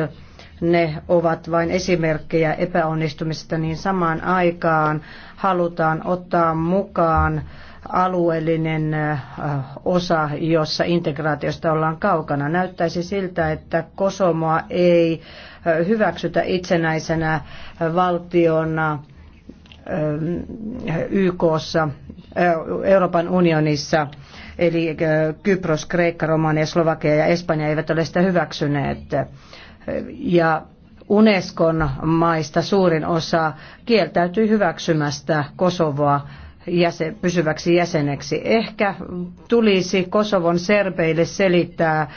ne ovat vain esimerkkejä epäonnistumisesta, niin samaan aikaan halutaan ottaa mukaan alueellinen osa, jossa integraatiosta ollaan kaukana. Näyttäisi siltä, että Kosomoa ei hyväksytä itsenäisenä valtiona YKssa, Euroopan unionissa, eli Kypros, Kreikka, Romania, Slovakia ja Espanja eivät ole sitä hyväksyneet. Ja Unescon maista suurin osa kieltäytyi hyväksymästä Kosovoa jäsen, pysyväksi jäseneksi. Ehkä tulisi Kosovon Serpeille selittää,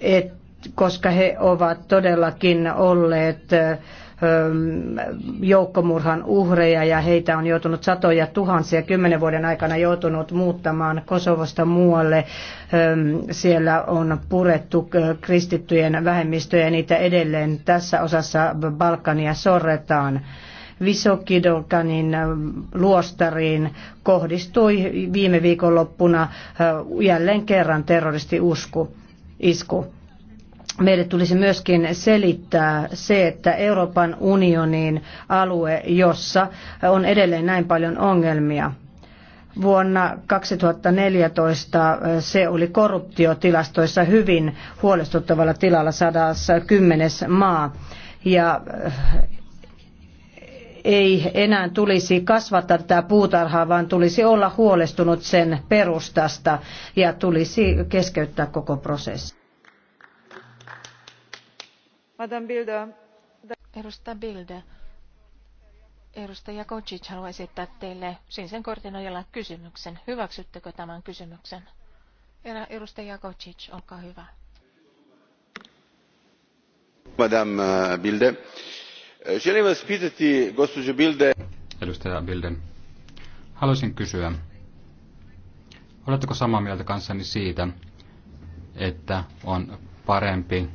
et koska he ovat todellakin olleet joukkomurhan uhreja ja heitä on joutunut satoja tuhansia kymmenen vuoden aikana joutunut muuttamaan Kosovosta muualle. Siellä on purettu kristittyjen vähemmistöjä ja niitä edelleen tässä osassa Balkania sorretaan niin luostariin kohdistui viime viikonloppuna äh, jälleen kerran terroristiusku isku. Meille tulisi myöskin selittää se, että Euroopan unionin alue, jossa on edelleen näin paljon ongelmia, vuonna 2014 äh, se oli korruptiotilastoissa hyvin huolestuttavalla tilalla 110. maa. Ja ei enää tulisi kasvattaa tätä puutarhaa, vaan tulisi olla huolestunut sen perustasta ja tulisi keskeyttää koko prosessi. Madame Bilde, Edustaja Bilde. Edustaja Kocic haluaa esittää teille sinisen kortin ajalla kysymyksen. Hyväksyttekö tämän kysymyksen? Edustaja Kocic, olkaa hyvä. Madame äh, Bilde želim vas pitati gospođo Bilde. Edustaja Bilde, haluaisin kysyä, oletteko samaa mieltä kanssani siitä, että on parempi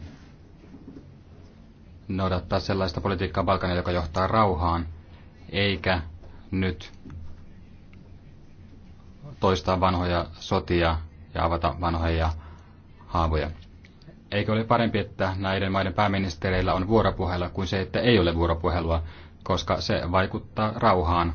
noudattaa sellaista politiikkaa Balkanilla, joka johtaa rauhaan, eikä nyt toistaa vanhoja sotia ja avata vanhoja haavoja. Eikö ole parempi, että näiden maiden pääministereillä on vuoropuhelua kuin se, että ei ole vuoropuhelua, koska se vaikuttaa rauhaan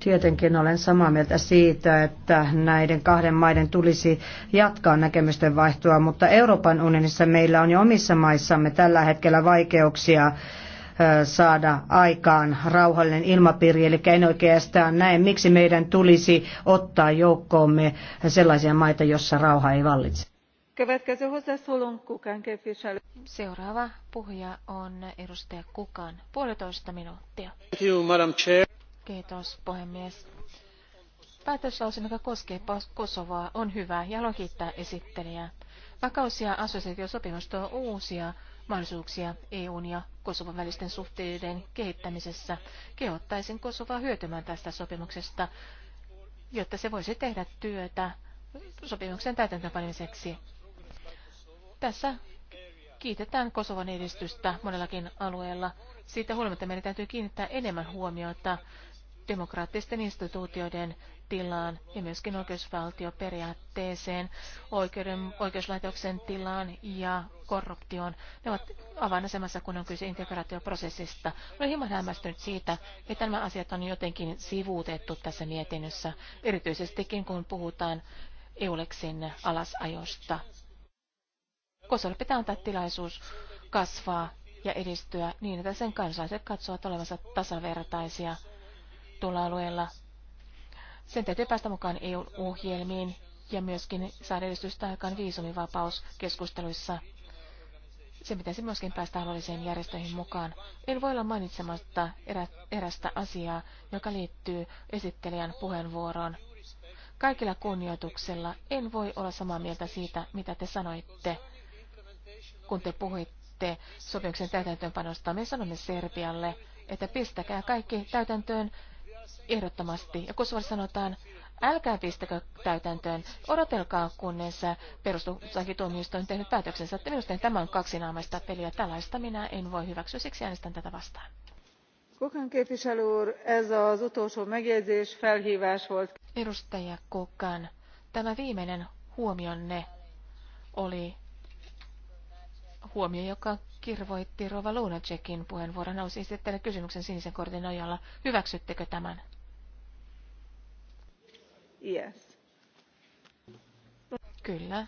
Tietenkin olen samaa mieltä siitä, että näiden kahden maiden tulisi jatkaa näkemysten vaihtoa, mutta Euroopan unionissa meillä on jo omissa maissamme tällä hetkellä vaikeuksia saada aikaan rauhallinen ilmapiiri, eli en oikeastaan näe, miksi meidän tulisi ottaa joukkoomme sellaisia maita, jossa rauha ei vallitse. Seuraava puhuja on edustaja Kukan. Puolitoista minuuttia. Kiitos, puhemies. päätöslauselma joka koskee Kosovoa, on hyvä ja haluan kiittää esittelijää. Vakaus- ja assosiaatiosopimus tuo uusia mahdollisuuksia EUn ja Kosovan välisten suhteiden kehittämisessä. Kehottaisin Kosovaa hyötymään tästä sopimuksesta, jotta se voisi tehdä työtä sopimuksen täytäntöönpanemiseksi. Tässä kiitetään Kosovan edistystä monellakin alueella. Siitä huolimatta meidän täytyy kiinnittää enemmän huomiota demokraattisten instituutioiden tilaan ja myöskin oikeusvaltioperiaatteeseen, oikeuden, oikeuslaitoksen tilaan ja korruptioon. Ne ovat avainasemassa, kun on kyse integraatioprosessista. Olen hieman hämmästynyt siitä, että nämä asiat on jotenkin sivuutettu tässä mietinnössä, erityisestikin kun puhutaan EULEXin alasajosta. Kosolle pitää antaa tilaisuus kasvaa ja edistyä niin, että sen kansalaiset katsovat olevansa tasavertaisia tuolla alueella. Sen täytyy päästä mukaan EU-ohjelmiin ja myöskin saada edistystä aikaan viisumivapauskeskusteluissa. Se pitäisi myöskin päästä alueelliseen järjestöihin mukaan. En voi olla mainitsematta erä, erästä asiaa, joka liittyy esittelijän puheenvuoroon. Kaikilla kunnioituksella en voi olla samaa mieltä siitä, mitä te sanoitte kun te puhuitte sopimuksen täytäntöönpanosta, me sanomme Serbialle, että pistäkää kaikki täytäntöön ehdottomasti. Ja Kosovo sanotaan, älkää pistäkö täytäntöön, odotelkaa kunnes perustuslakituomioistuin on tehnyt päätöksensä, että minusta tämä on kaksinaamaista peliä. Tällaista minä en voi hyväksyä, siksi äänestän tätä vastaan. Kukan képviselő ez az utolsó megjegyzés felhívás volt. Edustaja Kukan, tämä viimeinen huomionne oli huomio, joka kirvoitti Rova Lunacekin puheenvuoron, nousi esittää kysymyksen sinisen kortin nojalla. Hyväksyttekö tämän? Yes. Kyllä.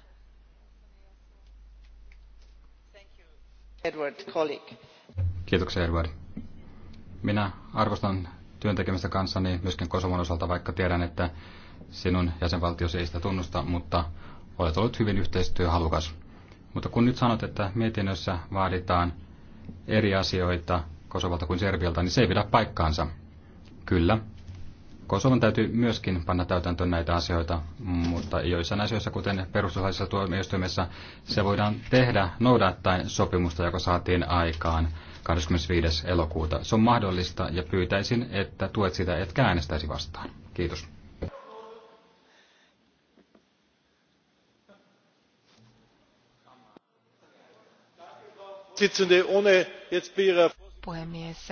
Edward, colleague. Kiitoksia, Edward. Minä arvostan työntekemistä kanssani myöskin Kosovon osalta, vaikka tiedän, että sinun jäsenvaltiosi ei sitä tunnusta, mutta olet ollut hyvin yhteistyöhalukas. Mutta kun nyt sanot, että mietinnössä vaaditaan eri asioita Kosovalta kuin Serbialta, niin se ei pidä paikkaansa. Kyllä. Kosovan täytyy myöskin panna täytäntöön näitä asioita, mutta joissain asioissa, kuten perustuslaisessa tuomioistuimessa, se voidaan tehdä noudattaen sopimusta, joka saatiin aikaan 25. elokuuta. Se on mahdollista ja pyytäisin, että tuet sitä, etkä äänestäisi vastaan. Kiitos. puhemies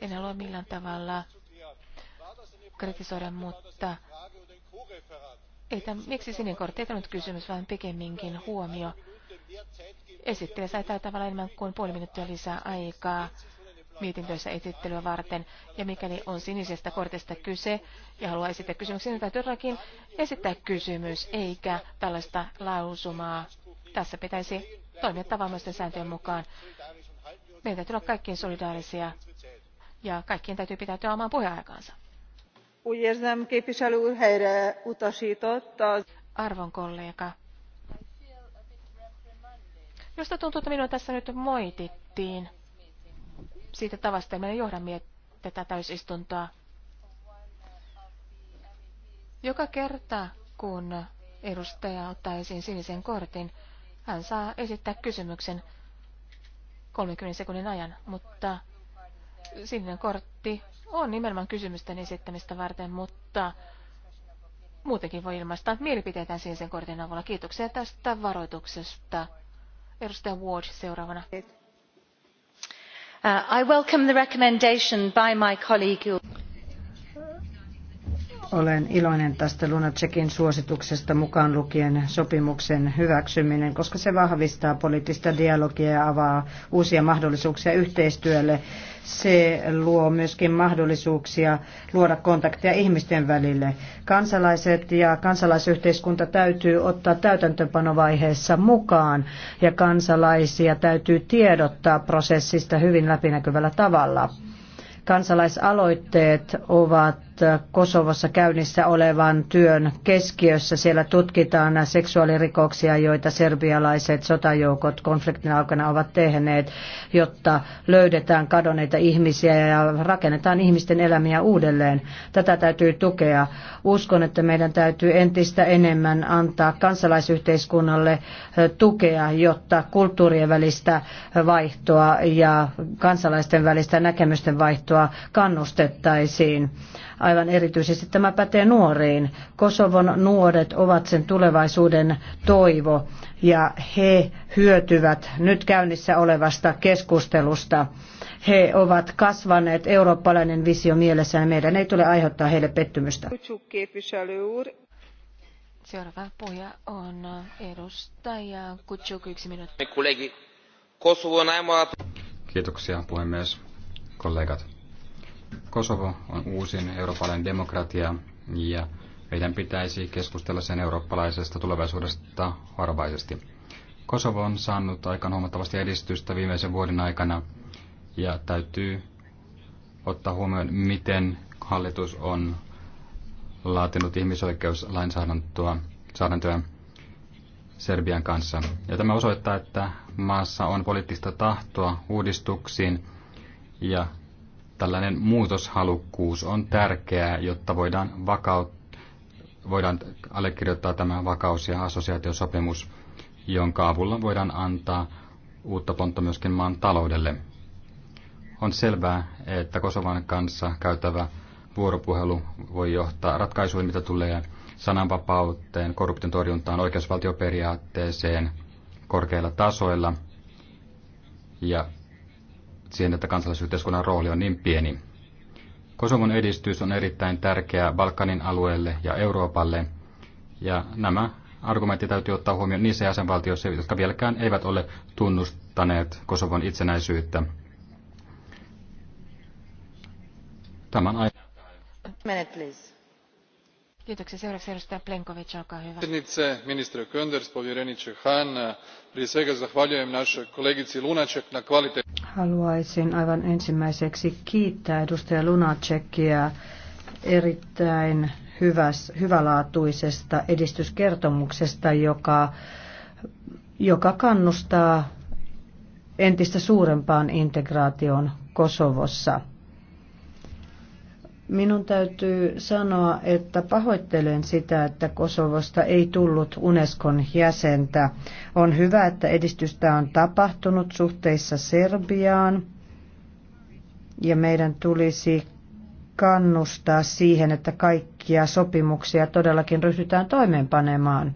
en halua millään tavalla kritisoida, mutta ei tämän, miksi sinikortti ei ollut kysymys, vaan pikemminkin huomio. Esittelijä sai tällä tavalla enemmän kuin puoli minuuttia lisää aikaa mietintöissä esittelyä varten. Ja mikäli on sinisestä kortista kyse ja haluaa esittää kysymyksen, niin täytyy todellakin esittää kysymys, eikä tällaista lausumaa. Tässä pitäisi toimia tavanomaisten sääntöjen mukaan. Meidän täytyy olla kaikkien solidaarisia ja kaikkien täytyy pitäytyä omaan puheaikaansa. Arvon kollega, josta tuntuu, että minua tässä nyt moitittiin siitä tavasta, että meidän johdamme tätä täysistuntoa. Joka kerta, kun edustaja ottaa esiin sinisen kortin, hän saa esittää kysymyksen 30 sekunnin ajan, mutta sininen kortti on nimenomaan kysymysten esittämistä varten, mutta muutenkin voi ilmaista mielipiteitään sinisen kortin avulla. Kiitoksia tästä varoituksesta. Edustaja Ward seuraavana. Uh, I welcome the recommendation by my colleague. Olen iloinen tästä Lunacekin suosituksesta mukaan lukien sopimuksen hyväksyminen, koska se vahvistaa poliittista dialogia ja avaa uusia mahdollisuuksia yhteistyölle. Se luo myöskin mahdollisuuksia luoda kontakteja ihmisten välille. Kansalaiset ja kansalaisyhteiskunta täytyy ottaa täytäntöpanovaiheessa mukaan ja kansalaisia täytyy tiedottaa prosessista hyvin läpinäkyvällä tavalla kansalaisaloitteet ovat Kosovossa käynnissä olevan työn keskiössä. Siellä tutkitaan seksuaalirikoksia, joita serbialaiset sotajoukot konfliktin aikana ovat tehneet, jotta löydetään kadonneita ihmisiä ja rakennetaan ihmisten elämiä uudelleen. Tätä täytyy tukea. Uskon, että meidän täytyy entistä enemmän antaa kansalaisyhteiskunnalle tukea, jotta kulttuurien välistä vaihtoa ja kansalaisten välistä näkemysten vaihtoa kannustettaisiin aivan erityisesti tämä pätee nuoriin. Kosovon nuoret ovat sen tulevaisuuden toivo ja he hyötyvät nyt käynnissä olevasta keskustelusta. He ovat kasvaneet eurooppalainen visio mielessään ja meidän ei tule aiheuttaa heille pettymystä. Seuraava puhuja on edustaja Kutsuk, yksi minuutti. Kiitoksia puhemies, kollegat. Kosovo on uusin eurooppalainen demokratia ja meidän pitäisi keskustella sen eurooppalaisesta tulevaisuudesta varovaisesti. Kosovo on saanut aikaan huomattavasti edistystä viimeisen vuoden aikana ja täytyy ottaa huomioon, miten hallitus on laatinut ihmisoikeuslainsäädäntöä Serbian kanssa. Ja tämä osoittaa, että maassa on poliittista tahtoa uudistuksiin ja Tällainen muutoshalukkuus on tärkeää, jotta voidaan, vakaut, voidaan allekirjoittaa tämä vakaus- ja assosiaatiosopimus, jonka avulla voidaan antaa uutta pontta myöskin maan taloudelle. On selvää, että Kosovan kanssa käytävä vuoropuhelu voi johtaa ratkaisuihin, mitä tulee sananvapauteen, korruption torjuntaan, oikeusvaltioperiaatteeseen korkeilla tasoilla. Ja siihen, että kansalaisyhteiskunnan rooli on niin pieni. Kosovon edistys on erittäin tärkeää Balkanin alueelle ja Euroopalle, ja nämä argumentti täytyy ottaa huomioon niissä jäsenvaltioissa, jotka vieläkään eivät ole tunnustaneet Kosovon itsenäisyyttä. Tämän aikana. Kiitoksia. Seuraavaksi edustaja Plenkovic, olkaa hyvä. Predsjednice, ministeri Könders, povjereniče Han, prije svega zahvaljujem našoj kolegici Lunaček na kvalitet... Haluaisin aivan ensimmäiseksi kiittää edustaja Lunacekia erittäin hyväs, hyvälaatuisesta edistyskertomuksesta, joka, joka kannustaa entistä suurempaan integraation Kosovossa – Minun täytyy sanoa, että pahoittelen sitä, että Kosovosta ei tullut Unescon jäsentä. On hyvä, että edistystä on tapahtunut suhteissa Serbiaan ja meidän tulisi kannustaa siihen, että kaikkia sopimuksia todellakin ryhdytään toimeenpanemaan.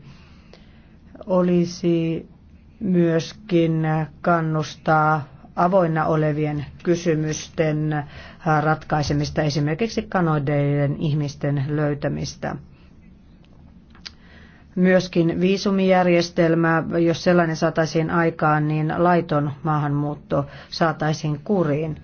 Olisi myöskin kannustaa avoinna olevien kysymysten ratkaisemista, esimerkiksi kanoideiden ihmisten löytämistä. Myöskin viisumijärjestelmä, jos sellainen saataisiin aikaan, niin laiton maahanmuutto saataisiin kuriin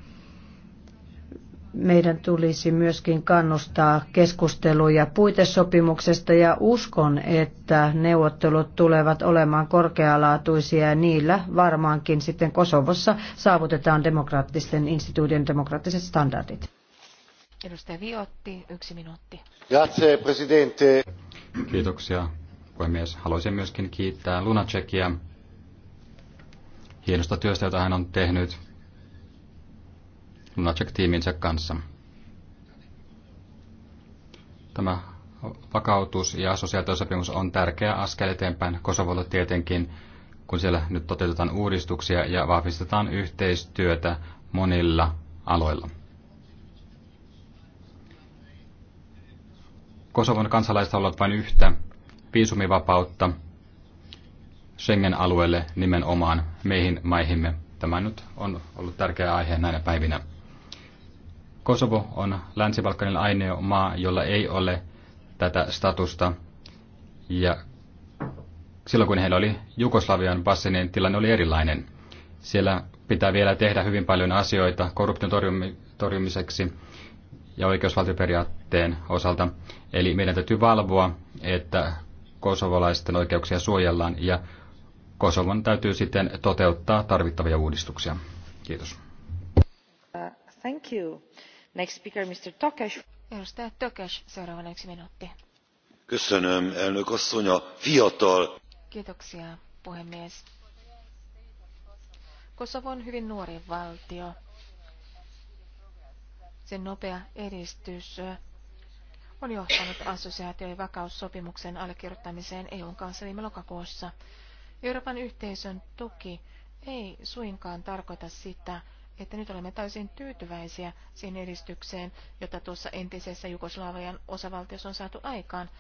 meidän tulisi myöskin kannustaa keskusteluja puitesopimuksesta ja uskon, että neuvottelut tulevat olemaan korkealaatuisia ja niillä varmaankin sitten Kosovossa saavutetaan demokraattisten instituutien demokraattiset standardit. Edustaja Viotti, yksi minuutti. Grazie, presidente. Kiitoksia, puhemies. Haluaisin myöskin kiittää Lunacekia hienosta työstä, jota hän on tehnyt Lunacek-tiiminsä kanssa. Tämä vakautus- ja sosiaalitoisopimus on tärkeä askel eteenpäin Kosovolle tietenkin, kun siellä nyt toteutetaan uudistuksia ja vahvistetaan yhteistyötä monilla aloilla. Kosovon kansalaiset ovat vain yhtä viisumivapautta Schengen-alueelle nimenomaan meihin maihimme. Tämä nyt on ollut tärkeä aihe näinä päivinä. Kosovo on Länsi-Balkanin ainoa maa, jolla ei ole tätä statusta. Ja silloin kun heillä oli Jugoslavian passi, niin tilanne oli erilainen. Siellä pitää vielä tehdä hyvin paljon asioita korruption torjumiseksi ja oikeusvaltioperiaatteen osalta. Eli meidän täytyy valvoa, että kosovolaisten oikeuksia suojellaan ja Kosovon täytyy sitten toteuttaa tarvittavia uudistuksia. Kiitos. Uh, thank you. Köszönöm, elnök asszony, a fiatal. Kosovo on hyvin nuori valtio. Sen nopea edistys on johtanut assosiaatio- ja vakaussopimuksen allekirjoittamiseen e n kanssa viime lokakuussa. Euroopan yhteisön tuki ei suinkaan tarkoita sitä, että nyt olemme täysin tyytyväisiä siihen edistykseen, jota tuossa entisessä Jugoslavian osavaltiossa on saatu aikaan.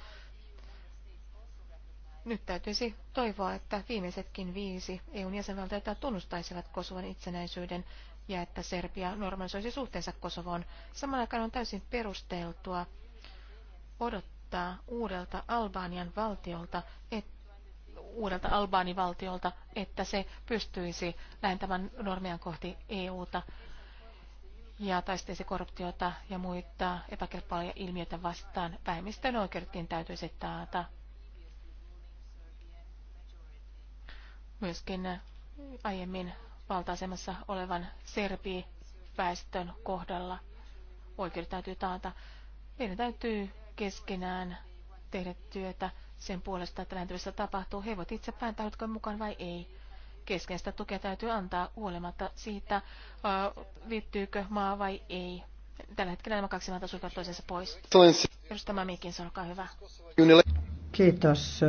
Nyt täytyisi toivoa, että viimeisetkin viisi EUn jäsenvaltiota tunnustaisivat Kosovan itsenäisyyden ja että Serbia normalisoisi suhteensa Kosovoon. samalla aikaan on täysin perusteltua odottaa uudelta Albanian valtiolta, että uudelta Albaanivaltiolta, että se pystyisi lähentämään normian kohti EUta ja taistelisi korruptiota ja muita epäkelpoja ilmiöitä vastaan. Vähemmistön oikeudettiin täytyisi taata. Myöskin aiemmin valta-asemassa olevan serbi väestön kohdalla oikeudet täytyy taata. Meidän täytyy keskenään tehdä työtä sen puolesta, että lähentymistä tapahtuu. He voivat itse päättää, oletko mukaan vai ei. Keskeistä tukea täytyy antaa huolimatta siitä, liittyykö maa vai ei. Tällä hetkellä nämä kaksi maata sulkevat toisensa pois. mikin se olkaa hyvä. Kiitos.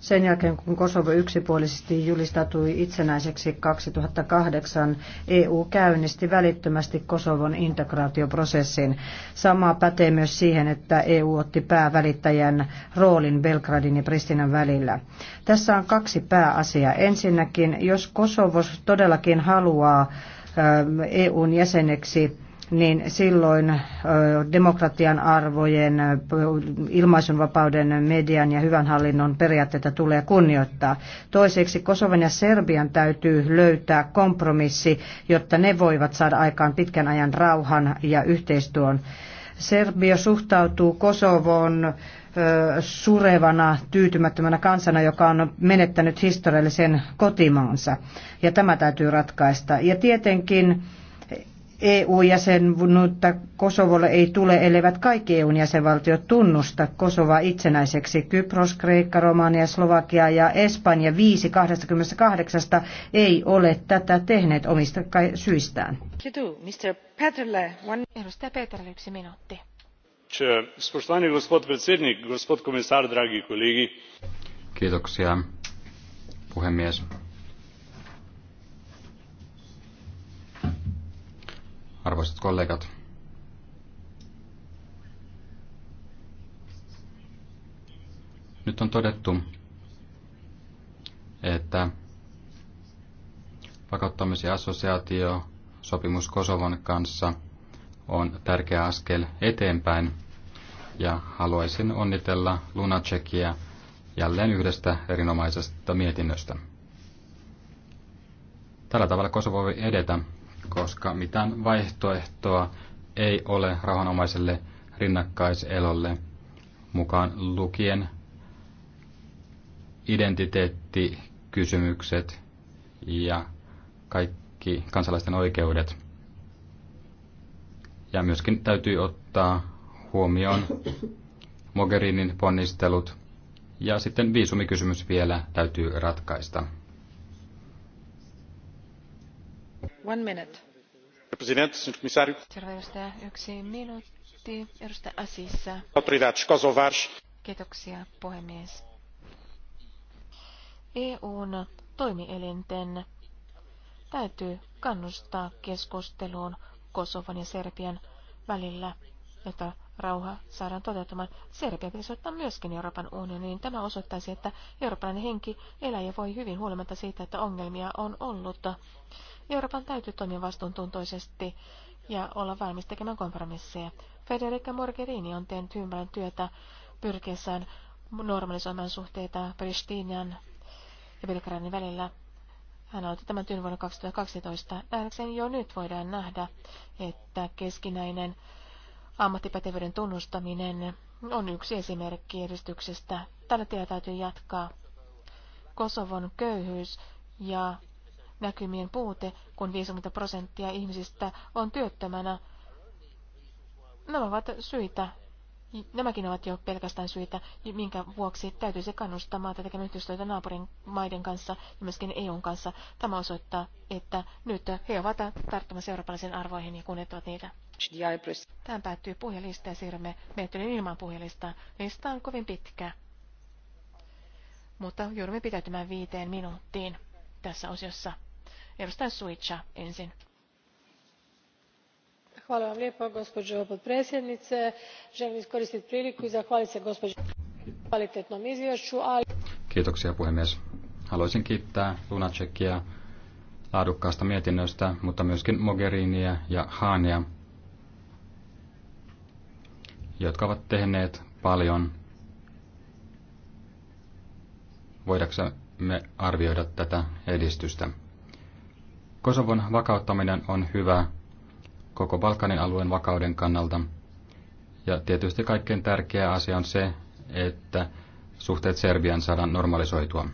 Sen jälkeen, kun Kosovo yksipuolisesti julistautui itsenäiseksi 2008, EU käynnisti välittömästi Kosovon integraatioprosessin. Sama pätee myös siihen, että EU otti päävälittäjän roolin Belgradin ja Pristinan välillä. Tässä on kaksi pääasiaa. Ensinnäkin, jos Kosovo todellakin haluaa EUn jäseneksi, niin silloin demokratian arvojen, ilmaisunvapauden, median ja hyvän hallinnon periaatteita tulee kunnioittaa. Toiseksi Kosovan ja Serbian täytyy löytää kompromissi, jotta ne voivat saada aikaan pitkän ajan rauhan ja yhteistyön. Serbia suhtautuu Kosovoon surevana, tyytymättömänä kansana, joka on menettänyt historiallisen kotimaansa. Ja tämä täytyy ratkaista. Ja tietenkin EU-jäsenvyyttä Kosovolle ei tule, elleivät kaikki EUn jäsenvaltiot tunnusta Kosova itsenäiseksi. Kypros, Kreikka, Romania, Slovakia ja Espanja 5 28 ei ole tätä tehneet omista syistään. Mr. Peterle, one... Edustaja Peterle, yksi minuutti. Spoštovani gospod predsednik, gospod komisar, dragi kolegi. Kiitoksia, puhemies. Arvoisat kollegat, nyt on todettu, että vakauttamis- ja assosiaatiosopimus Kosovon kanssa on tärkeä askel eteenpäin ja haluaisin onnitella Lunacekia jälleen yhdestä erinomaisesta mietinnöstä. Tällä tavalla Kosovo voi edetä koska mitään vaihtoehtoa ei ole rauhanomaiselle rinnakkaiselolle mukaan lukien identiteettikysymykset ja kaikki kansalaisten oikeudet. Ja myöskin täytyy ottaa huomioon Mogherinin ponnistelut ja sitten viisumikysymys vielä täytyy ratkaista. arvoisa puhemies eu n toimielinten täytyy kannustaa keskusteluun Kosovo:n ja Serbian välillä, jota rauha saadaan toteutumaan. Serbia pitäisi ottaa myöskin Euroopan unioniin. Tämä osoittaisi, että eurooppalainen henki elää ja voi hyvin huolimatta siitä, että ongelmia on ollut. Euroopan täytyy toimia vastuuntuntoisesti ja olla valmis tekemään kompromisseja. Federica Morgherini on tehnyt hyvän työtä pyrkiessään normalisoimaan suhteita Pristinian ja Belgradin välillä. Hän aloitti tämän työn vuonna 2012. Nähdäkseni jo nyt voidaan nähdä, että keskinäinen Ammattipätevyyden tunnustaminen on yksi esimerkki edistyksestä. Tällä tiellä täytyy jatkaa. Kosovon köyhyys ja näkymien puute, kun 50 prosenttia ihmisistä on työttömänä. Nämä ovat syitä niin, nämäkin ovat jo pelkästään syitä, minkä vuoksi täytyisi kannustaa maata tekemään yhteistyötä naapurin maiden kanssa ja myöskin EUn kanssa. Tämä osoittaa, että nyt he ovat tarttumassa eurooppalaisiin arvoihin ja kunnioittavat niitä. Tähän päättyy puhelista ja siirrymme menettelyyn ilman puhelista. Lista on kovin pitkä, mutta joudumme pitäytymään viiteen minuuttiin tässä osiossa. Edustaja Suitsa ensin gospođo potpredsjednice želim iskoristiti priliku i zahvaliti se gospođi na kvalitetnom izvješću. kiitoksia puhemies haluaisin kiittää lunacekia laadukkaasta mietinnöstä mutta myöskin mogheriniä ja hahnia jotka ovat tehneet paljon voidaksemme arvioida tätä edistystä. Kosovon vakauttaminen on hyvä koko Balkanin alueen vakauden kannalta. Ja tietysti kaikkein tärkeä asia on se, että suhteet Serbian saadaan normalisoitua.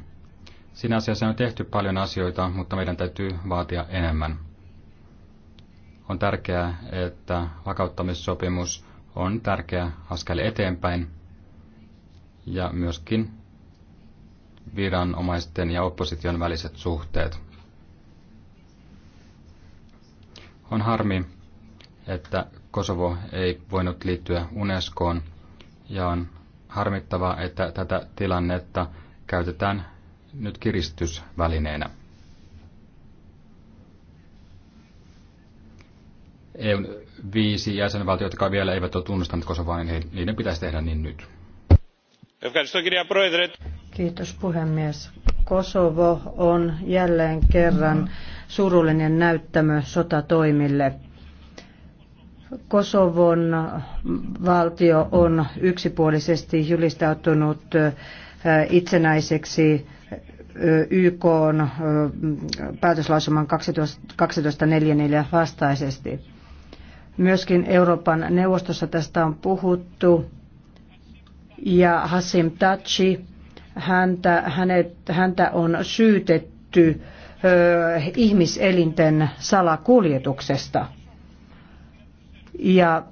Siinä asiassa on tehty paljon asioita, mutta meidän täytyy vaatia enemmän. On tärkeää, että vakauttamissopimus on tärkeä askel eteenpäin ja myöskin viranomaisten ja opposition väliset suhteet. On harmi, että Kosovo ei voinut liittyä Unescoon ja on harmittavaa, että tätä tilannetta käytetään nyt kiristysvälineenä. EUn viisi jäsenvaltiota, jotka vielä eivät ole tunnustaneet Kosovoa, niin niiden pitäisi tehdä niin nyt. Kiitos puhemies. Kosovo on jälleen kerran surullinen näyttämö sotatoimille. Kosovon valtio on yksipuolisesti julistautunut itsenäiseksi YK on päätöslausuman 1244 vastaisesti. Myöskin Euroopan neuvostossa tästä on puhuttu. Ja Hassim Tachi, häntä, hänet, häntä on syytetty ö, ihmiselinten salakuljetuksesta – ja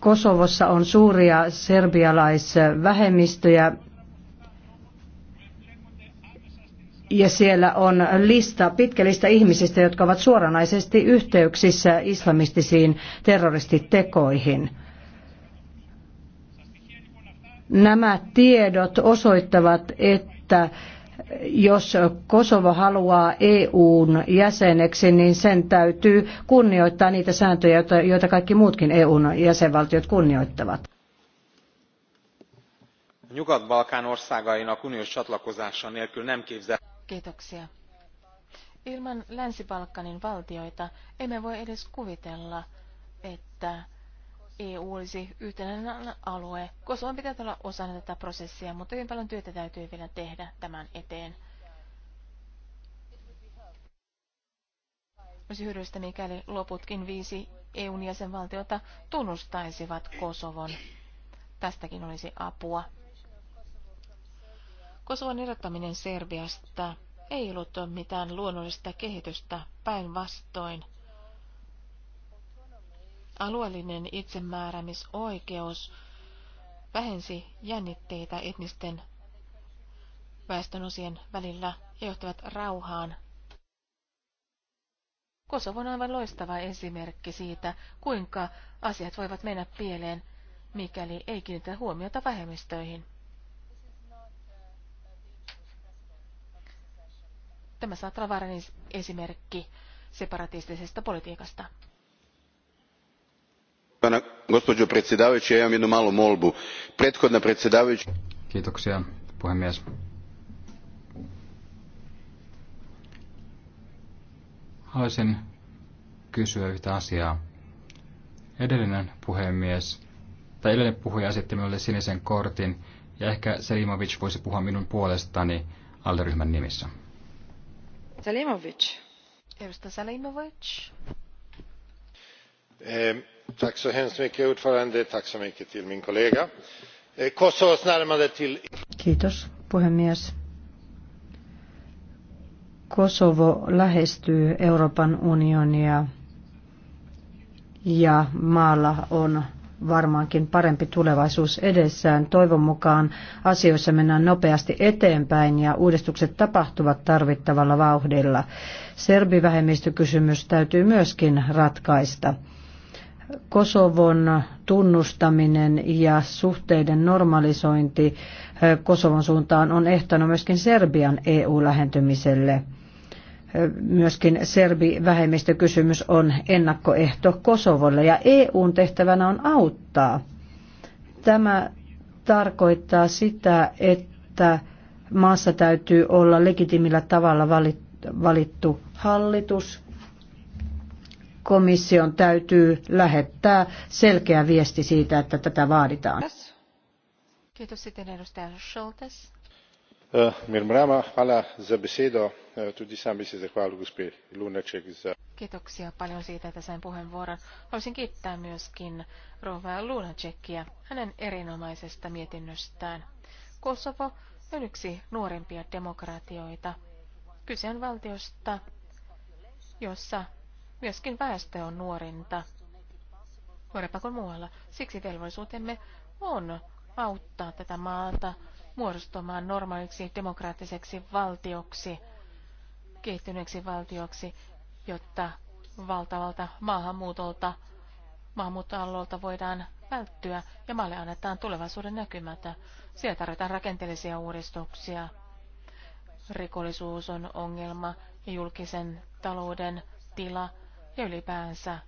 Kosovossa on suuria serbialaisvähemmistöjä ja siellä on lista, pitkä lista ihmisistä, jotka ovat suoranaisesti yhteyksissä islamistisiin terroristitekoihin. Nämä tiedot osoittavat, että jos Kosovo haluaa EUn jäseneksi, niin sen täytyy kunnioittaa niitä sääntöjä, joita kaikki muutkin EUn jäsenvaltiot kunnioittavat. nyugat balkan országainak uniós csatlakozása nélkül nem képzel... Kiitoksia. Ilman Länsi-Balkanin valtioita emme voi edes kuvitella, että EU olisi yhtenäinen alue. Kosovan pitää olla osana tätä prosessia, mutta hyvin paljon työtä täytyy vielä tehdä tämän eteen. Olisi hyödyllistä, mikäli loputkin viisi EUn jäsenvaltiota tunnustaisivat Kosovon. Tästäkin olisi apua. Kosovon erottaminen Serbiasta ei ollut mitään luonnollista kehitystä, päinvastoin. Alueellinen itsemääräämisoikeus vähensi jännitteitä etnisten väestönosien välillä ja johtivat rauhaan. Kosovo on aivan loistava esimerkki siitä, kuinka asiat voivat mennä pieleen, mikäli ei kiinnitä huomiota vähemmistöihin. Tämä saattaa olla esimerkki separatistisesta politiikasta gospođo predsjednice imam jednu malu molbu. prethodna predsjedavajuća haluaisin kysyä yhtä asiaa. Edellinen puhemies, tai edellinen puhuja esitti minulle sinisen kortin, ja ehkä Selimovic voisi puhua minun puolestani alderyhmän nimissä. Selimovic. Edustaja Selimovic. Eh Eh, Kiitos puhemies. Kosovo lähestyy Euroopan unionia ja maalla on varmaankin parempi tulevaisuus edessään. Toivon mukaan asioissa mennään nopeasti eteenpäin ja uudistukset tapahtuvat tarvittavalla vauhdilla. Serbivähemmistökysymys täytyy myöskin ratkaista. Kosovon tunnustaminen ja suhteiden normalisointi eh, Kosovon suuntaan on ehtona myöskin Serbian EU-lähentymiselle. Eh, myöskin serbi-vähemmistökysymys on ennakkoehto Kosovolle ja EUn tehtävänä on auttaa. Tämä tarkoittaa sitä, että maassa täytyy olla legitimillä tavalla valittu hallitus komission täytyy lähettää selkeä viesti siitä, että tätä vaaditaan. Kiitos sitten edustaja Scholtes. Kiitoksia paljon siitä, että sain puheenvuoron. Haluaisin kiittää myöskin rouva Lunacekia hänen erinomaisesta mietinnöstään. Kosovo on yksi nuorimpia demokratioita. Kyse on valtiosta, jossa Myöskin väestö on nuorinta, nuorempa kuin muualla. Siksi velvollisuutemme on auttaa tätä maata muodostumaan normaaliksi demokraattiseksi valtioksi, kehittyneeksi valtioksi, jotta valtavalta maahanmuutolta, maahanmuuttoallolta voidaan välttyä ja maalle annetaan tulevaisuuden näkymätä. Siellä tarvitaan rakenteellisia uudistuksia. Rikollisuus on ongelma ja julkisen talouden tila ja ylipäänsä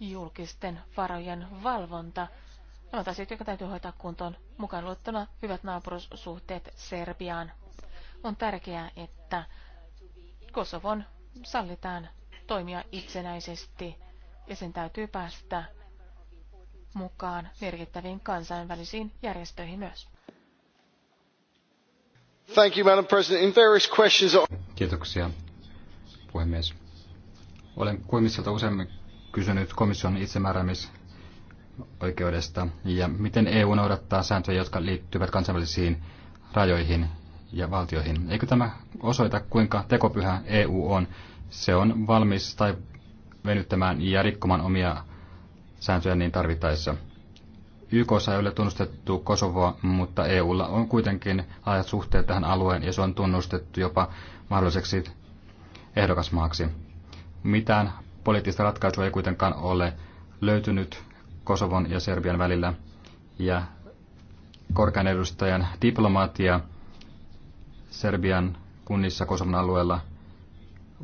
julkisten varojen valvonta. Nämä ovat asioita, jotka täytyy hoitaa kuntoon mukaan luettuna hyvät naapurussuhteet Serbiaan. On tärkeää, että Kosovon sallitaan toimia itsenäisesti ja sen täytyy päästä mukaan merkittäviin kansainvälisiin järjestöihin myös. Thank you, Madam President. In various questions... Kiitoksia, puhemies olen komissiolta useammin kysynyt komission itsemääräämisoikeudesta ja miten EU noudattaa sääntöjä, jotka liittyvät kansainvälisiin rajoihin ja valtioihin. Eikö tämä osoita, kuinka tekopyhä EU on? Se on valmis tai venyttämään ja rikkomaan omia sääntöjä niin tarvittaessa. YK ei ole tunnustettu Kosovoa, mutta EUlla on kuitenkin laajat suhteet tähän alueen ja se on tunnustettu jopa mahdolliseksi ehdokasmaaksi. Mitään poliittista ratkaisua ei kuitenkaan ole löytynyt Kosovon ja Serbian välillä. Ja korkean edustajan diplomaatia Serbian kunnissa Kosovon alueella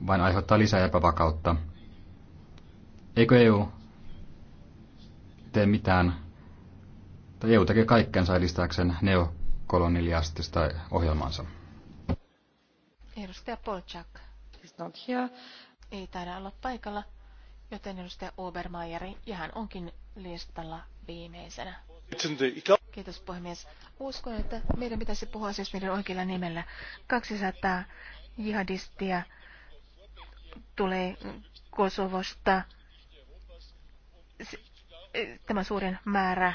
vain aiheuttaa lisää epävakautta. Eikö EU tee mitään, tai EU tekee kaikkensa edistääkseen neokoloniliastista ohjelmaansa? Edustaja Polchak. He's not here ei taida olla paikalla, joten edustaja Obermeier, ja hän onkin listalla viimeisenä. Kiitos puhemies. Uskon, että meidän pitäisi puhua siis meidän oikealla nimellä. 200 jihadistia tulee Kosovosta. Tämä suurin määrä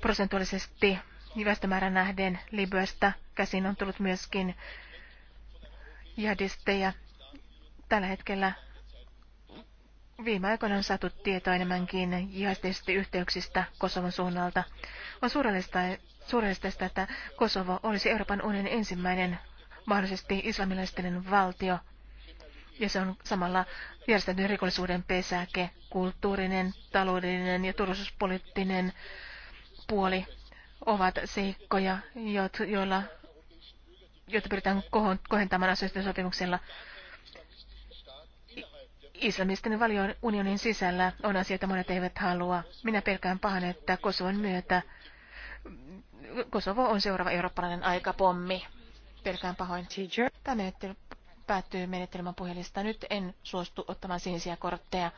prosentuaalisesti väestömäärän nähden Libyasta käsin on tullut myöskin jihadisteja Tällä hetkellä viime aikoina on saatu tietoa enemmänkin jihadistisista yhteyksistä Kosovon suunnalta. On suurellista, suurellista että Kosovo olisi Euroopan unionin ensimmäinen mahdollisesti islamilaisten valtio. Ja se on samalla järjestetyn rikollisuuden pesäke, kulttuurinen, taloudellinen ja turvallisuuspoliittinen puoli ovat seikkoja, joilla, joita pyritään kohentamaan asioiden sopimuksella islamisten valion unionin sisällä on asioita, monet eivät halua. Minä pelkään pahan, että Kosovon myötä Kosovo on seuraava eurooppalainen aikapommi. Pelkään pahoin. Tämä menettely päättyy menettelemään puhelista. Nyt en suostu ottamaan sinisiä kortteja.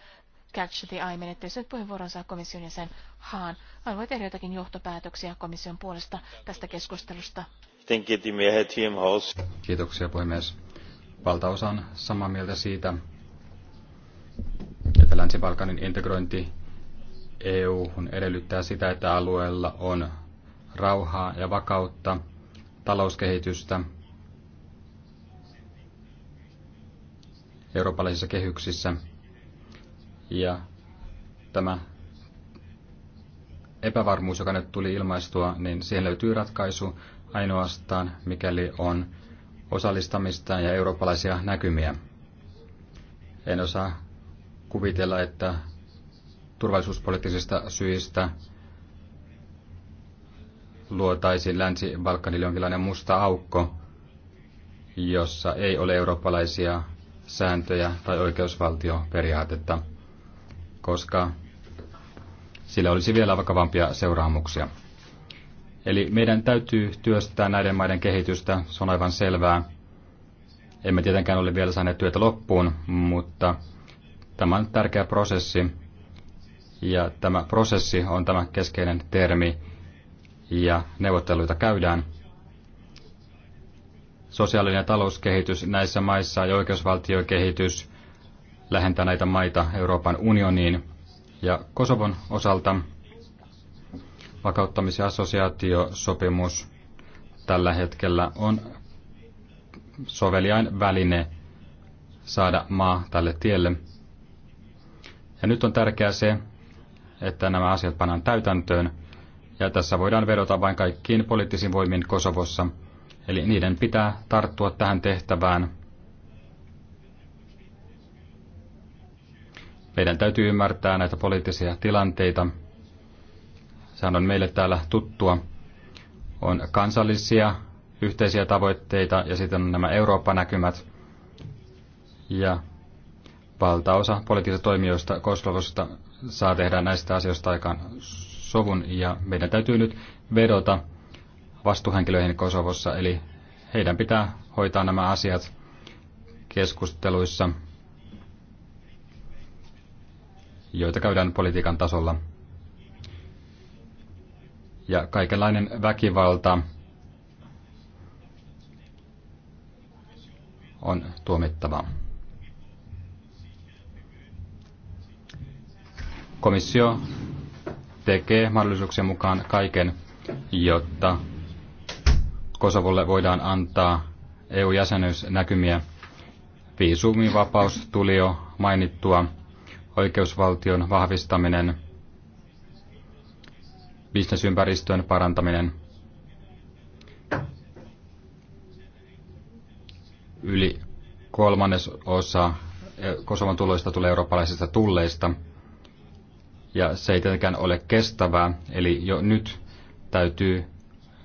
Catch the Eye-menettelyssä nyt puheenvuoron saa komission jäsen Haan. Haluan tehdä jotakin johtopäätöksiä komission puolesta tästä keskustelusta. Kiitoksia puhemies. Valtaosa on samaa mieltä siitä, Länsi-Balkanin integrointi EU edellyttää sitä, että alueella on rauhaa ja vakautta, talouskehitystä eurooppalaisissa kehyksissä. Ja tämä epävarmuus, joka nyt tuli ilmaistua, niin siihen löytyy ratkaisu ainoastaan, mikäli on osallistamista ja eurooppalaisia näkymiä. En osaa kuvitella, että turvallisuuspoliittisista syistä luotaisiin Länsi-Balkanille jonkinlainen musta aukko, jossa ei ole eurooppalaisia sääntöjä tai oikeusvaltioperiaatetta, koska sillä olisi vielä vakavampia seuraamuksia. Eli meidän täytyy työstää näiden maiden kehitystä, se on aivan selvää. Emme tietenkään ole vielä saaneet työtä loppuun, mutta Tämä on tärkeä prosessi ja tämä prosessi on tämä keskeinen termi ja neuvotteluita käydään. Sosiaalinen ja talouskehitys näissä maissa ja oikeusvaltiokehitys lähentää näitä maita Euroopan unioniin. Ja Kosovon osalta vakauttamis- ja assosiaatiosopimus tällä hetkellä on soveliain väline saada maa tälle tielle – ja nyt on tärkeää se, että nämä asiat pannaan täytäntöön. Ja tässä voidaan vedota vain kaikkiin poliittisiin voimiin Kosovossa. Eli niiden pitää tarttua tähän tehtävään. Meidän täytyy ymmärtää näitä poliittisia tilanteita. Sehän on meille täällä tuttua. On kansallisia yhteisiä tavoitteita ja sitten on nämä Eurooppa-näkymät. Ja Valtaosa poliittisista toimijoista Kosovosta saa tehdä näistä asioista aikaan sovun ja meidän täytyy nyt vedota vastuuhenkilöihin Kosovossa, eli heidän pitää hoitaa nämä asiat keskusteluissa, joita käydään politiikan tasolla. Ja kaikenlainen väkivalta on tuomittavaa. komissio tekee mahdollisuuksien mukaan kaiken, jotta Kosovolle voidaan antaa EU-jäsenyysnäkymiä. Viisumivapaus tuli jo mainittua, oikeusvaltion vahvistaminen, bisnesympäristön parantaminen, yli kolmannes osa Kosovan tuloista tulee eurooppalaisista tulleista – ja se ei tietenkään ole kestävää. Eli jo nyt täytyy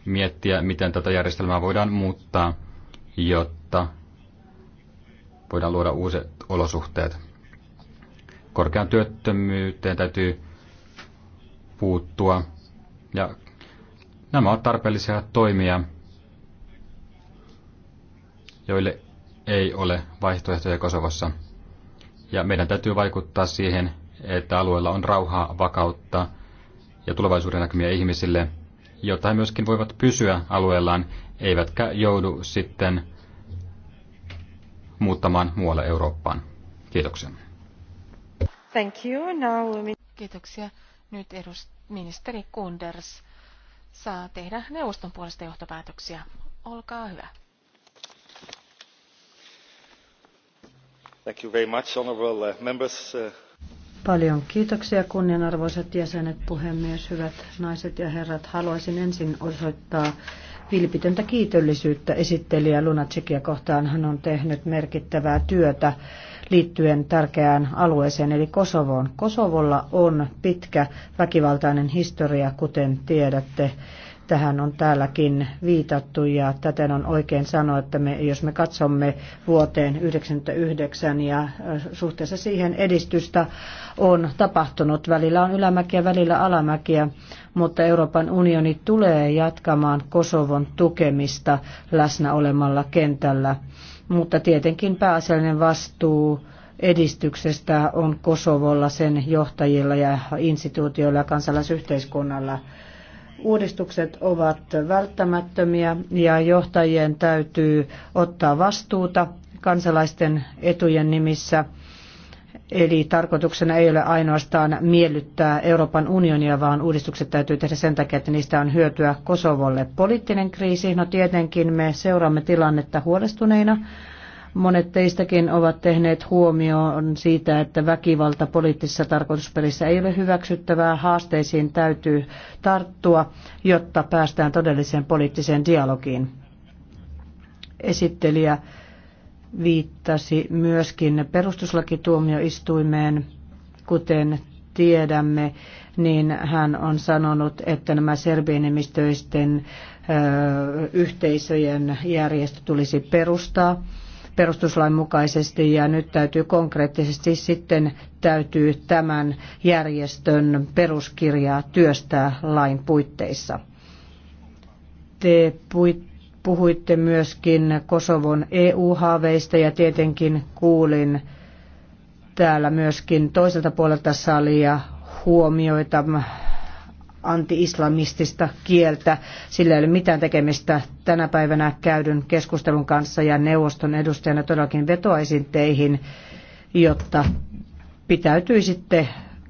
miettiä, miten tätä järjestelmää voidaan muuttaa, jotta voidaan luoda uuset olosuhteet. Korkean työttömyyteen täytyy puuttua ja nämä ovat tarpeellisia toimia, joille ei ole vaihtoehtoja Kosovossa. Ja meidän täytyy vaikuttaa siihen, että alueella on rauhaa, vakautta ja tulevaisuuden näkymiä ihmisille, jotta he myöskin voivat pysyä alueellaan, eivätkä joudu sitten muuttamaan muualle Eurooppaan. Kiitoksia. Thank you. Now... Kiitoksia. Nyt ministeri Kunders saa tehdä neuvoston puolesta johtopäätöksiä. Olkaa hyvä. Thank you very much, honorable uh, members. Uh, Paljon kiitoksia kunnianarvoiset jäsenet, puhemies, hyvät naiset ja herrat. Haluaisin ensin osoittaa vilpitöntä kiitollisuutta esittelijä Lunacekia kohtaan. Hän on tehnyt merkittävää työtä liittyen tärkeään alueeseen eli Kosovoon. Kosovolla on pitkä väkivaltainen historia, kuten tiedätte. Tähän on täälläkin viitattu ja täten on oikein sanoa, että me, jos me katsomme vuoteen 1999 ja suhteessa siihen edistystä on tapahtunut. Välillä on ylämäkiä, välillä alamäkiä, mutta Euroopan unioni tulee jatkamaan Kosovon tukemista läsnä olemalla kentällä. Mutta tietenkin pääasiallinen vastuu edistyksestä on Kosovolla, sen johtajilla ja instituutioilla ja kansalaisyhteiskunnalla. Uudistukset ovat välttämättömiä ja johtajien täytyy ottaa vastuuta kansalaisten etujen nimissä. Eli tarkoituksena ei ole ainoastaan miellyttää Euroopan unionia, vaan uudistukset täytyy tehdä sen takia, että niistä on hyötyä Kosovolle. Poliittinen kriisi, no tietenkin me seuraamme tilannetta huolestuneina, Monet teistäkin ovat tehneet huomioon siitä, että väkivalta poliittisessa tarkoitusperissä ei ole hyväksyttävää. Haasteisiin täytyy tarttua, jotta päästään todelliseen poliittiseen dialogiin. Esittelijä viittasi myöskin perustuslakituomioistuimeen, kuten tiedämme, niin hän on sanonut, että nämä serbienimistöisten yhteisöjen järjestö tulisi perustaa perustuslain mukaisesti ja nyt täytyy konkreettisesti sitten täytyy tämän järjestön peruskirjaa työstää lain puitteissa. Te puhuitte myöskin Kosovon EU-haaveista ja tietenkin kuulin täällä myöskin toiselta puolelta salia huomioita anti-islamistista kieltä. Sillä ei ole mitään tekemistä tänä päivänä käydyn keskustelun kanssa ja neuvoston edustajana todellakin vetoaisin teihin, jotta pitäytyisitte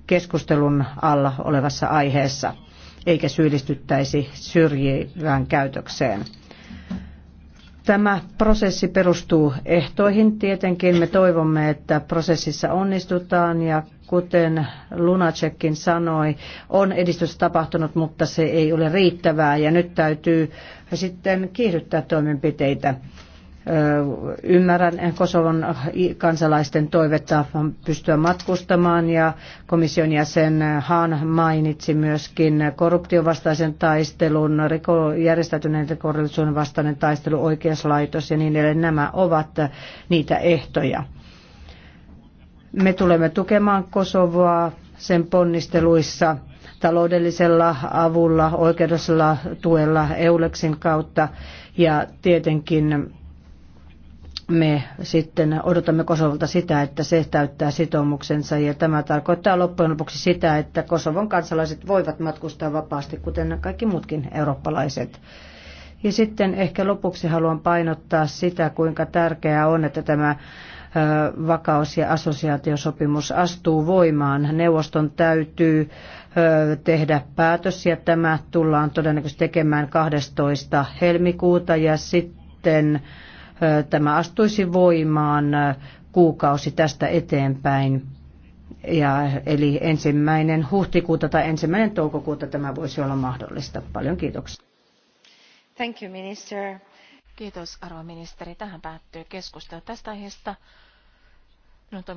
keskustelun alla olevassa aiheessa eikä syyllistyttäisi syrjivään käytökseen. Tämä prosessi perustuu ehtoihin. Tietenkin me toivomme, että prosessissa onnistutaan ja kuten Lunacekin sanoi, on edistys tapahtunut, mutta se ei ole riittävää ja nyt täytyy sitten kiihdyttää toimenpiteitä. Ymmärrän Kosovon kansalaisten toivetta pystyä matkustamaan ja komission jäsen Haan mainitsi myöskin korruptiovastaisen taistelun, järjestäytyneen rikollisuuden vastainen taistelu, oikeuslaitos ja niin edelleen. Nämä ovat niitä ehtoja. Me tulemme tukemaan Kosovoa sen ponnisteluissa taloudellisella avulla, oikeudellisella tuella, EULEXin kautta ja tietenkin me sitten odotamme Kosovolta sitä, että se täyttää sitoumuksensa ja tämä tarkoittaa loppujen lopuksi sitä, että Kosovon kansalaiset voivat matkustaa vapaasti, kuten kaikki muutkin eurooppalaiset. Ja sitten ehkä lopuksi haluan painottaa sitä, kuinka tärkeää on, että tämä vakaus- ja assosiaatiosopimus astuu voimaan. Neuvoston täytyy tehdä päätös ja tämä tullaan todennäköisesti tekemään 12. helmikuuta ja sitten tämä astuisi voimaan kuukausi tästä eteenpäin. Ja, eli ensimmäinen huhtikuuta tai ensimmäinen toukokuuta tämä voisi olla mahdollista. Paljon kiitoksia. Thank you, minister. Kiitos arvoministeri. Tähän päättyy keskustelu tästä aiheesta. No,